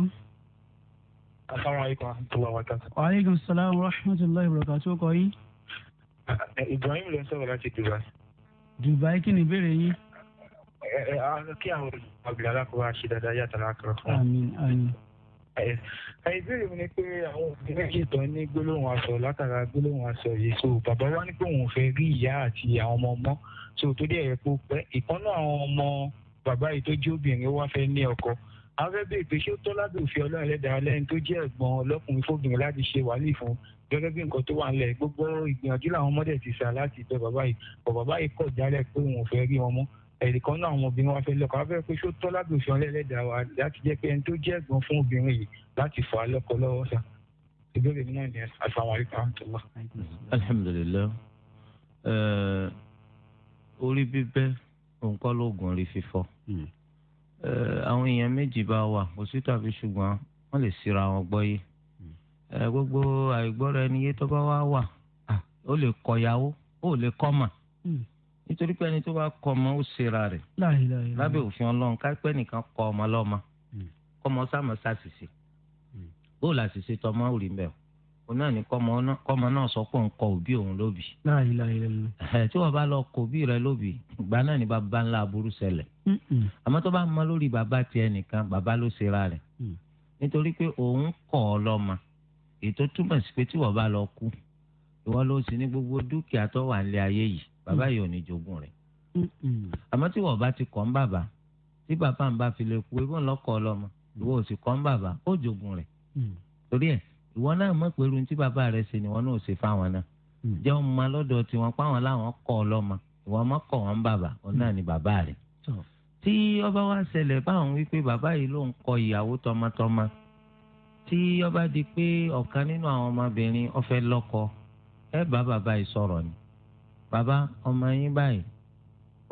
Asalaamualeykum warahmatullahi wabarakatuh. Wa aleykum salaam rahmatullahi wabarakatuh ó kọ yín. Ibrahim ló ń sọ̀rọ̀ láti Dubai. Dubai kí ni ìbéèrè yín? Ẹ ẹ kí àwọn olùgbàgbé alákòwá ṣe yàtọ̀ lákàrọ̀ fún wa ìbéèrè mi ni pé àwọn òbí méjì tó ní gbólóhùn aṣọ látara gbólóhùn aṣọ yìí so bàbá wa ní pé òun fẹ́ rí ìyá àti àwọn ọmọ ọmọ so tó dé ẹ̀yẹ́ pé ó pẹ́ ìkànnà àwọn ọmọ bàbá yìí tó jẹ́ obìnrin wá fẹ́ ní ọkọ afẹ́ bèèrè pé ṣé ó tọ́ lábẹ́ òfin ọlọ́run ẹlẹ́dàá lẹ́yìn tó jẹ́ ẹ̀gbọ́n ọlọ́kùnrin fóbìnrin láti ṣe wàhálì fún gẹ́gẹ́ bí nǹkan tó wà ńlẹ̀ gbogbo ìgbìyànjú làwọn ọmọdé ti sà láti bẹ bàbá yìí bọ̀ bàbá yìí kọ̀ jálẹ̀ pé òun ò fẹ́ rí wọn mọ́ ẹ̀rí kan náà àwọn obìnrin wa fẹ́ lọ́kọ abẹ́ pé ṣó tọ́ lábẹ́ òfin ọlẹ́lẹ́dàá wa láti jẹ́ pé ẹni tó jẹ́ ẹ̀gbọ́n fún obìnrin yìí láti fà á lọ́kọ lọ́wọ́ sa ìbéèrè mi náà nìyẹn asalaamualeykum rahmatulah. alhamdulilayi eh, orí bíbẹ́ òǹkọ́ lóògùn orí fífọ́ hmm. eh, àwọn èèyàn méjì bá wà kò sí tàbí ṣùgbọ́n wọ́n lè síra wọn gbọ́ yé hmm. eh, gbogbo àìgbọ́ra ẹni yé tó bá wà ó lè kọ̀yàwó ó lè kọ́ mà. Hmm nítorí pé ẹni tó bá kọ ọmọ ó ṣera rẹ̀ lábẹ́ òfin ọlọ́run kápẹ́ nìkan kọ ọmọ lọ́mọ hmm. kọmọ sáàmọ ṣàṣìṣe hmm. bó la ṣìṣe tọmọ ò rí mbẹ o náà ní kọmọ náà sọ pé nǹkan òbí òun lóbi tí wọn bá lọ kọ òbí rẹ lóbi ìgbà náà ni bàbá ńlá aburú ṣẹlẹ̀ àmọ́ tó bá mọ lórí bàbá tiẹ̀ nìkan bàbá ló ṣera rẹ̀ hmm. nítorí pé òun kọ ọ lọ́mọ ètò túmọ̀ sí pé tí wọ́n bá lọ kú ìwọ ló sì ní gbogbo dúkìá tó wà nílé ayé yìí bàbá hmm. yìí ò ní jogún rẹ̀ hmm. àmọ́ tí wọ́n bá ti kọ́ ń bàbá tí bàbá ń bá fi lè kú ebó ńlọ́kọ̀ ọlọ́mọ hmm. ìwọ ò sì kọ́ ń bàbá ó jogún rẹ̀ torí ẹ̀ ìwọ náà mọ̀ pé irun tí bàbá rẹ̀ ṣe ni wọ́n náà ṣe fáwọn náà jẹ́ wọn máa lọ́dọ̀ tiwọn páwọn láwọn kọ́ ọlọ́mọ ìwọ ọmọ kọ̀ wọ́n bàbá òun náà ni bàbá rẹ̀ tí ọba wa ṣẹlẹ̀ báwọn wípé bàbá yìí ló ń kọ ìyàwó tọmọtọmọ tí ọba di pé ọ̀kan nínú àwọn ọmọbìnrin ó fẹ́ ẹ bá bàbá yìí sọ̀rọ̀ ni bàbá ọmọ yín báyìí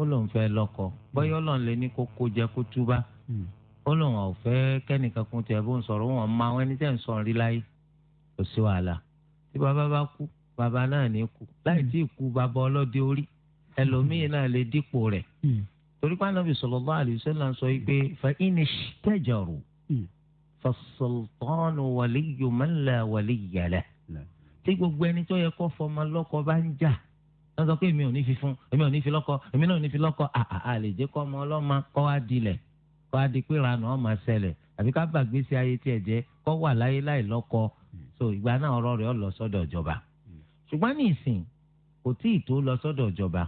ó lóun fẹ́ lọ́kọ bọ́yọ́ hmm. lọ́n lè ní kó kó jẹ kó túbá hmm. ó lóun ò fẹ́ kẹ́nìkan kún tiẹ̀ bó ń sọ̀rọ̀ wọn máa wọn ẹni tẹ́ ń sọ̀rọ̀ rí láyé kò sí wàhálà tí bàbá bá kú bàbá náà ní kú láì hmm. tí ì kú bàbá ọlọ́dẹ orí ẹlòmíín náà lè dípò rẹ̀ torí pé Ànábì sallallahu alaihi sọ pé fa in ishtajaru fa sultanu tí gbogbo ẹni tó yẹ kó fọmọ lọ́kọ bá ń jà wọ́n sọ pé èmi ò ní fi fún èmi ò ní fi lọ́kọ èmi náà ò ní fi lọ́kọ àà lè jẹ́ kọ́ ọmọ ọlọ́mọ kọ́ wá dilẹ̀ kọ́ wá di pé ìranù ọmọ ṣẹlẹ̀ àbí ká gbàgbé sí ayé tí ẹ jẹ́ kọ́ wà láyé láì lọ́kọ so ìgbà náà ọ̀rọ̀ rẹ̀ ó lọ sọ́dọ̀ ìjọba ṣùgbọ́n ní ìsìn kò tí ì tó lọ sọ́dọ̀ ìjọba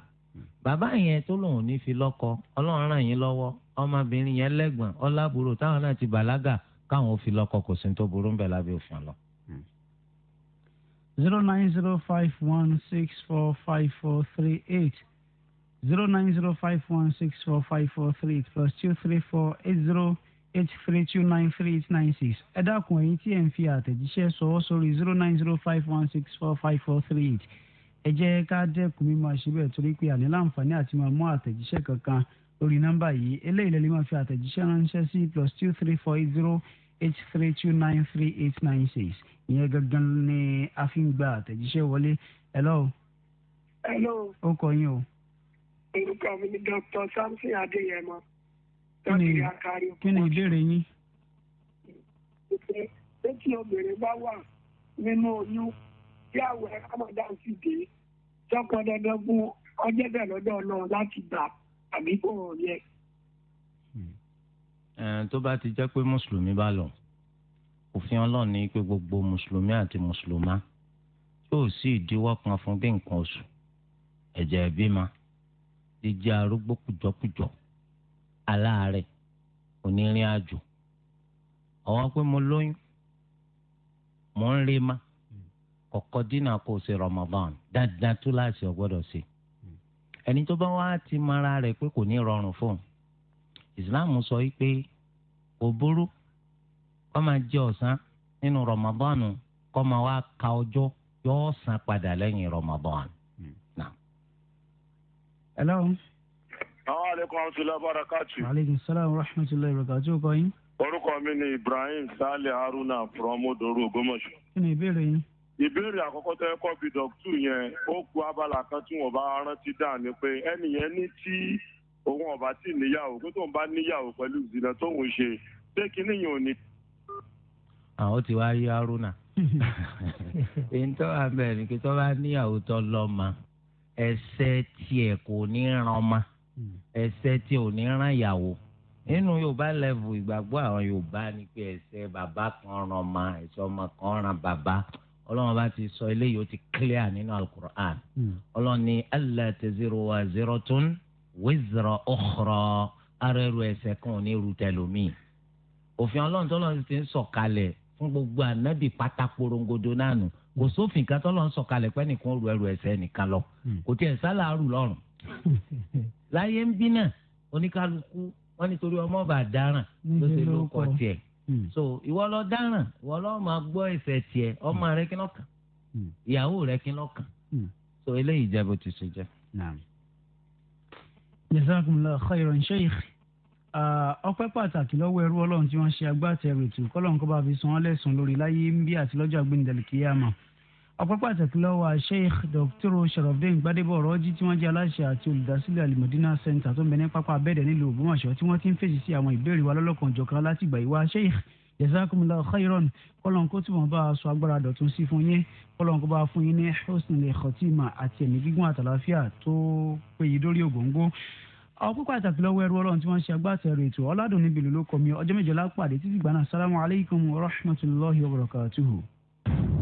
bàbá yẹn tó lòun ò ní fi lọ́kọ ọlọ́run ràn yín lọ́wọ́ ọmọbìnrin zero nine zero five one six four five four three eight zero nine zero five one six four five four three eight plus two three four eight zero eight three two nine three eight nine six ẹ dákun ẹ̀yin tí ẹ ń fi àtẹ̀jíṣẹ́ sọwọ́ sórí zero nine zero five one six four five four three eight ẹ jẹ́ ká dẹ́kun mímọ àṣìbẹ̀ torí pé àní láǹfààní àti máa mú àtẹ̀jíṣẹ́ kankan lórí nọ́mbà yìí eléyìí lẹ́lẹ́ máa fi àtẹ̀jíṣẹ́ ránṣẹ́ sí plus two three four eight zero eight three two nine three eight nine six ìyẹn gangan ni a fi ń gba àtẹ̀jíṣẹ́ wọlé hello. hello. ó kọ yín o. orúkọ mi ni dr samson adéyẹmọ. kí ni ìbéèrè yín. ṣé tí obìnrin bá wà nínú oyún tí àwọ̀ ẹ̀ ramadan sì dé tọkọ dandan fún ọjọ́ bẹ́ẹ̀ lọ́dọ̀ náà láti gbà àbí kò yẹ tó bá ti jẹ́ pé mùsùlùmí bá lọ òfin ọlọ́run ní pé gbogbo mùsùlùmí àti mùsùlùmá yóò sì ìdíwọ́ kan fún bí nǹkan oṣù ẹ̀jẹ̀ ìbímọ jíjẹ́ arúgbó kùjọkùjọ aláàárẹ̀ onírìn àjò ọ̀wọ́n pé mo lóyún mo ń rí ma kọ̀kọ́ dínà kó o ṣe Ramadan dáadáa tó láti ọgbọ́dọ̀ ṣe hmm. ẹni tó bá wá ti mara rẹ̀ pé kò ní rọrùn fóun islam sọ pé kò burú kó máa jẹ ọ̀sán nínú rọmọbọ́ọ̀nù kó máa wá ka ọjọ́ yóò san padà lẹ́yìn rọmọbọ́ọ̀nù. Hmm. hello. àwọn àwọn ṣùlẹ̀ bára káàtì. maaleykum salaam wa rahmatulahi wa barakatuh kọ́ orúkọ mi ni ibrahim sale haruna from odoro Ògbómọ̀ṣọ́. kí ni ìbéèrè yín ìbéèrè àkọ́kọ́ tó ẹ̀kọ́ fi dọ̀tú yẹn ku abala kan tí wọ́n bá rántí òun ọba tí níyàwó pé tóun bá níyàwó pẹ̀lú ìdìnnà tóun ṣe ṣé kinní yẹn ò ní. àwọn ah, ti wá yí haruna èyí tó kí tó bá níyàwó tó lọ́mọ ẹsẹ̀ tiẹ̀ kò ní ràn ọmọ ẹsẹ̀ tiẹ̀ ò ní ràn ìyàwó nínú yorùbá lẹ́vù ìgbàgbọ́ àwọn yorùbá ni pé ẹsẹ̀ bàbá kan ràn ọmọ ẹsẹ̀ ọmọ kan ràn bàbá ọlọ́run bá ti sọ eléyìí ó ti clear nínú alukur'an hmm. ọlọ́run ni alla taziru wa ziratun. wizra ukhra ara ẹrù ẹ̀ṣẹ̀ kan ò ní ru tẹlómi òfin ọlọ́run tọ́lọ́run ti ń sọ̀kalẹ̀ fún gbogbo anabi pátá porongodo nánu kò sófin kan tọ́lọ́run sọ̀kalẹ̀ pé nìkan ru ẹrù ẹ̀ṣẹ̀ nìkan lọ hmm. kò tiẹ̀ sálà rù lọ́rùn láyé ń bí náà oníkálukú wọn nítorí ọmọ bá dáràn ló ṣe ló kọ tiẹ̀ hmm. so ìwọ lọ dáràn ìwọ lọ máa gbọ́ ẹ̀ṣẹ̀ tiẹ̀ ọmọ hmm. rẹ kí lọ́kàn ìyàwó rẹ kí lọ́kàn so eléyìí jẹ́ bó ti ṣe jẹ́. jazakumullahu khairan sheikh ọpẹ́ pàtàkì lọ́wọ́ ẹrú ọlọ́run tí wọ́n ṣe agbátẹrù ètò kọ́lọ́run kó bá fi san án lẹ́sùn lórí láyé ń bí àti lọ́jọ́ àgbéǹdẹ̀lẹ̀ kíyàmà ọpẹ́ pàtàkì lọ́wọ́ sheikh dr sharafdin gbadebo ọ̀rọ́jì tí wọ́n jẹ́ aláṣẹ àti olùdásílẹ̀ alimọ̀dínà center tó ń bẹ ní pápá abẹ́ẹ̀dẹ̀ nílùú ògbómọ̀ṣọ́ tí wọ́n ti ń fèsì sí àwọn ìbéèrè wa lọ́lọ́kan jọ̀kan láti ìgbà ìwá sheikh jazakumullahu khairan kọ́lọ́n kó tí wọ́n bá aṣọ agbára dọ̀tún sí fún yín kọ́lọ́n kó bá fún yín ní husnul khotima àti ẹ̀mí gígùn àtàlàfíà tó péye dórí ògóńgó ọkùnkùn àtàkì lọ́wọ́ ẹrú ọlọ́run tí wọ́n ṣe agbátẹrù ètò ọ̀làdùn níbi ìlú ló kọ́ mi ọjọ́ méje lápàdé títí gbaná sálámù alaykum rahmatulahi wa barakatuhu.